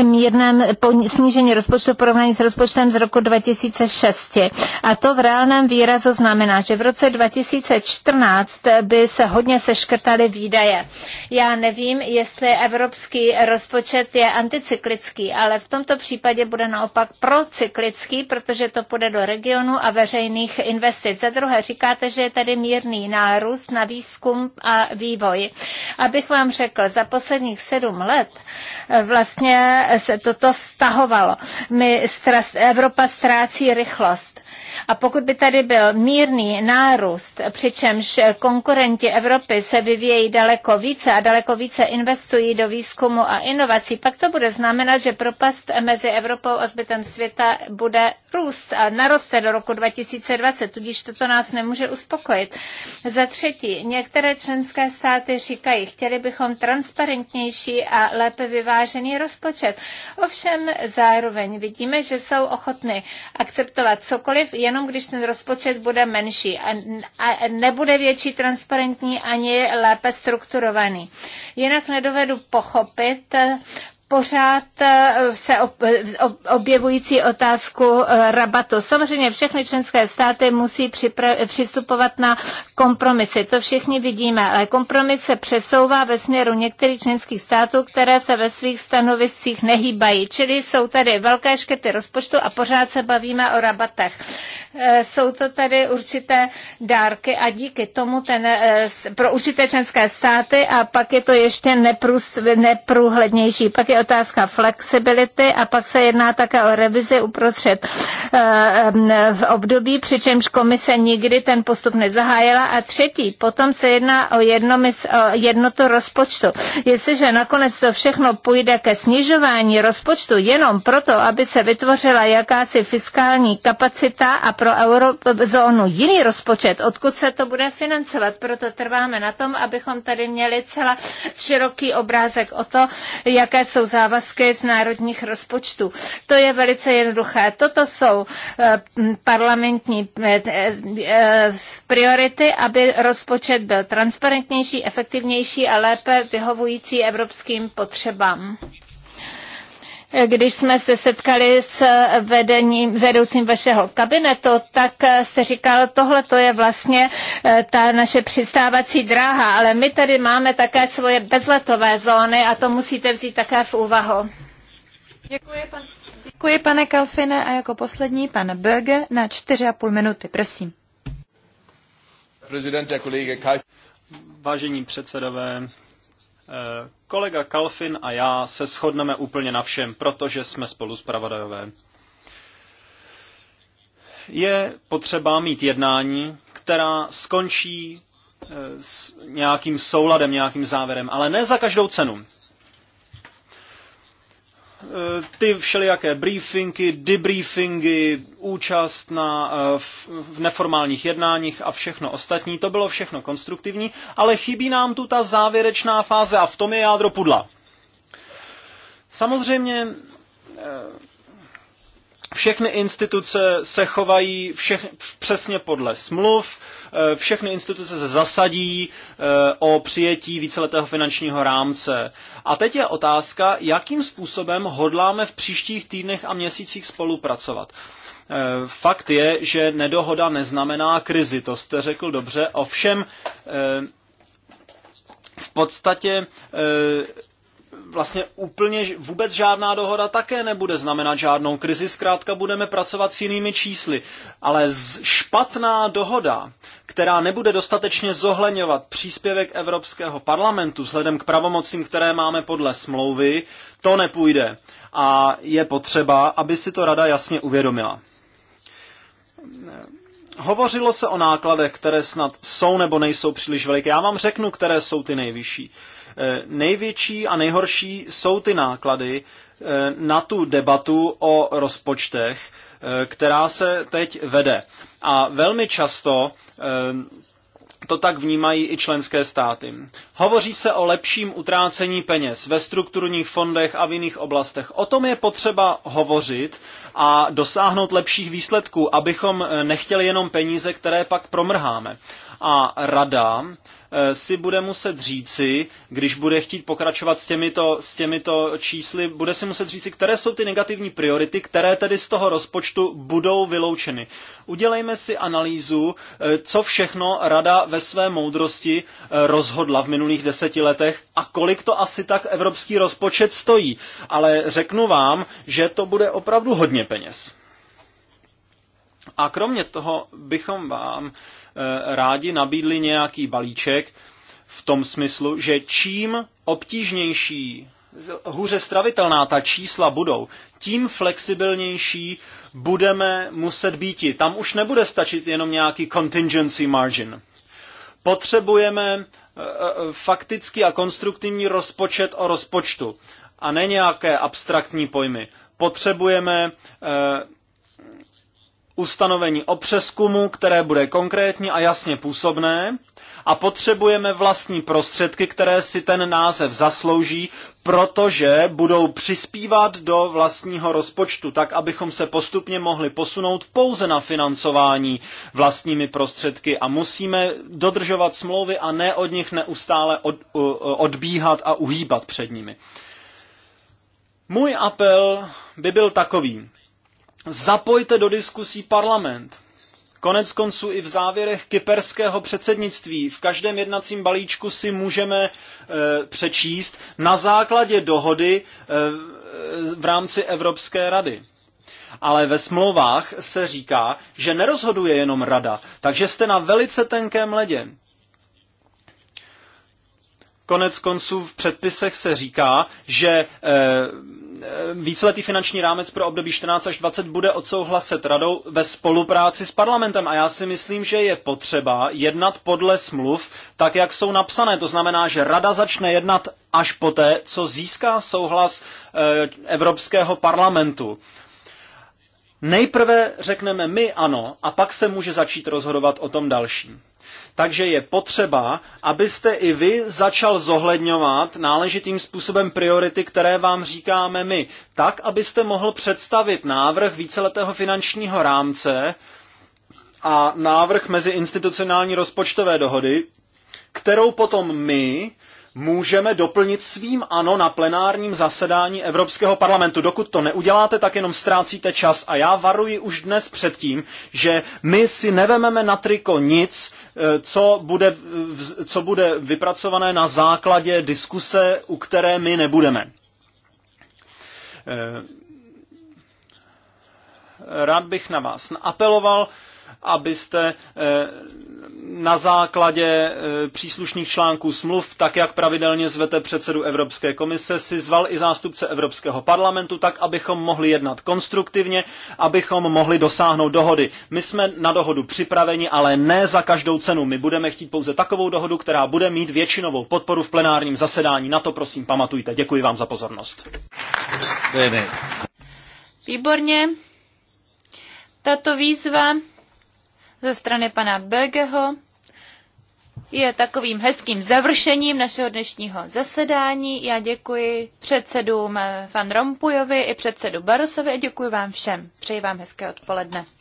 mírném snížení rozpočtu porovnání s rozpočtem z roku 2006 účasti. A to v reálném výrazu znamená, že v roce 2014 by se hodně seškrtaly výdaje. Já nevím, jestli evropský rozpočet je anticyklický, ale v tomto případě bude naopak procyklický, protože to půjde do regionu a veřejných investic. Za druhé říkáte, že je tady mírný nárůst na výzkum a vývoj. Abych vám řekl, za posledních sedm let eh, vlastně se toto stahovalo. My, Evropa ztrácí rychlo oblast. A pokud by tady byl mírný nárůst, přičemž konkurenti Evropy se vyvíjejí daleko více a daleko více investují do výzkumu a inovací, pak to bude znamenat, že propast mezi Evropou a zbytem světa bude růst a naroste do roku 2020, tudíž toto nás nemůže uspokojit. Za třetí, některé členské státy říkají, chtěli bychom transparentnější a lépe vyvážený rozpočet. Ovšem zároveň vidíme, že jsou ochotny akceptovat cokoliv, vliv jenom, když ten rozpočet bude menší a, a nebude větší transparentní ani lépe strukturovaný. Jinak nedovedu pochopit, pořád eh, se eh, objevující otázku eh, rabatu. Samozřejmě všechny členské státy musí přistupovat na kompromisy. To všichni vidíme, ale kompromis se přesouvá ve směru některých členských států, které se ve svých stanoviscích nehýbají. Čili jsou tady velké škety rozpočtu a pořád se bavíme o rabatech. Jsou to tady určité dárky a díky tomu ten, pro určité členské státy a pak je to ještě neprůhlednější. Pak je otázka flexibility a pak se jedná také o revizi uprostřed eh, eh, v období, přičemž komise nikdy ten postup nezahájila. A třetí, potom se jedná o, jednomys, o jednotu rozpočtu. Jestliže nakonec to všechno půjde ke snižování rozpočtu jenom proto, aby se vytvořila jakási fiskální kapacita a pro eurozónu jiný rozpočet, odkud se to bude financovat. Proto trváme na tom, abychom tady měli celá široký obrázek o to, jaké jsou závazky z národních rozpočtů. To je velice jednoduché. Toto jsou eh, parlamentní eh, eh, priority, aby rozpočet byl transparentnější, efektivnější a lépe vyhovující evropským potřebám když jsme se setkali s vedením, vedoucím vašeho kabinetu, tak eh, jste říkal, tohle to je vlastně eh, ta naše přistávací dráha, ale my tady máme také svoje bezletové zóny a to musíte vzít také v úvahu. Děkuji, pan, děkuji pane Kalfine a jako poslední pan Böge na 4,5 minuty, prosím. Vážení předsedové, Eh, kolega Kalfin a já se shodneme úplně na všem, protože jsme spolu zpravodajové. Je potřeba mít jednání, která skončí eh, s nějakým souladem, nějakým závěrem, ale ne za každou cenu. Eh, ty všelijaké briefingy, debriefingy, účast na, eh, v, v neformálních jednáních a všechno ostatní, to bylo všechno konstruktivní, ale chybí nám tu ta závěrečná fáze a v tom je jádro pudla. Samozřejmě eh, všechny instituce se chovají všech, přesně podle smluv, eh, všechny instituce se zasadí eh, o přijetí víceletého finančního rámce. A teď je otázka, jakým způsobem hodláme v příštích týdnech a měsících spolupracovat. Eh, fakt je, že nedohoda neznamená krizi, to jste řekl dobře, ovšem v podstatě vlastně úplně vůbec žádná dohoda také nebude znamenat žádnou krizi, zkrátka budeme pracovat s jinými čísly. Ale špatná dohoda, která nebude dostatečně zohleňovat příspěvek Evropského parlamentu vzhledem k pravomocím, které máme podle smlouvy, to nepůjde. A je potřeba, aby si to rada jasně uvědomila. Hovořilo se o nákladech, které snad jsou nebo nejsou příliš veliké. Já vám řeknu, které jsou ty nejvyšší. Eh, největší a nejhorší jsou ty náklady eh, na tu debatu o rozpočtech, eh, která se teď vede. A velmi často to tak vnímají i členské státy. Hovoří se o lepším utrácení peněz ve strukturních fondech a v jiných oblastech. O tom je potřeba hovořit a dosáhnout lepších výsledků, abychom nechtěli jenom peníze, které pak promrháme. A rada Eh, si bude muset říci, když bude chtít pokračovat s těmito, s těmito čísly, bude si muset říci, které jsou ty negativní priority, které tedy z toho rozpočtu budou vyloučeny. Udělejme si analýzu, eh, co všechno rada ve své moudrosti eh, rozhodla v minulých deseti letech a kolik to asi tak evropský rozpočet stojí. Ale řeknu vám, že to bude opravdu hodně peněz. A kromě toho bychom vám Eh, rádi nabídli nějaký balíček v tom smyslu, že čím obtížnější, hůře stravitelná ta čísla budou, tím flexibilnější budeme muset být. Tam už nebude stačit jenom nějaký contingency margin. Potřebujeme eh, eh, faktický a konstruktivní rozpočet o rozpočtu a ne nějaké abstraktní pojmy. Potřebujeme ustanovení o přeskumu, které bude konkrétní a jasně působné a potřebujeme vlastní prostředky, které si ten název zaslouží, protože budou přispívat do vlastního rozpočtu, tak abychom se postupně mohli posunout pouze na financování vlastními prostředky a musíme dodržovat smlouvy a ne od nich neustále od, odbíhat a uhýbat před nimi. Můj apel by byl takový. Zapojte do diskusí parlament. Konec konců i v závěrech kyperského předsednictví v každém jednacím balíčku si můžeme e, přečíst na základě dohody e, v rámci Evropské rady. Ale ve smlouvách se říká, že nerozhoduje jenom rada, takže jste na velice tenkém ledě. Konec konců v předpisech se říká, že e, Eh, víceletý finanční rámec pro období 14 až 20 bude odsouhlaset radou ve spolupráci s parlamentem a já si myslím, že je potřeba jednat podle smluv tak, jak jsou napsané. To znamená, že rada začne jednat až poté, co získá souhlas eh, Evropského parlamentu. Nejprve řekneme my ano a pak se může začít rozhodovat o tom dalším. Takže je potřeba, abyste i vy začal zohledňovat náležitým způsobem priority, které vám říkáme my, tak, abyste mohl představit návrh víceletého finančního rámce a návrh mezi institucionální rozpočtové dohody, kterou potom my můžeme doplnit svým ano na plenárním zasedání Evropského parlamentu. Dokud to neuděláte, tak jenom ztrácíte čas. A já varuji už dnes před tím, že my si nevememe na triko nic, eh, co bude, eh, co bude vypracované na základě diskuse, u které my nebudeme. Eh, rád bych na vás apeloval, abyste na základě e, příslušných článků smluv, tak jak pravidelně zvete předsedu Evropské komise, si zval i zástupce Evropského parlamentu, tak abychom mohli jednat konstruktivně, abychom mohli dosáhnout dohody. My jsme na dohodu připraveni, ale ne za každou cenu. My budeme chtít pouze takovou dohodu, která bude mít většinovou podporu v plenárním zasedání. Na to prosím pamatujte. Děkuji vám za pozornost. Výborně. Tato výzva ze strany pana Bergeho je takovým hezkým završením našeho dnešního zasedání. Já děkuji předsedům eh, Van Rompuyovi i předsedu Barosovi a děkuji vám všem. Přeji vám hezké odpoledne.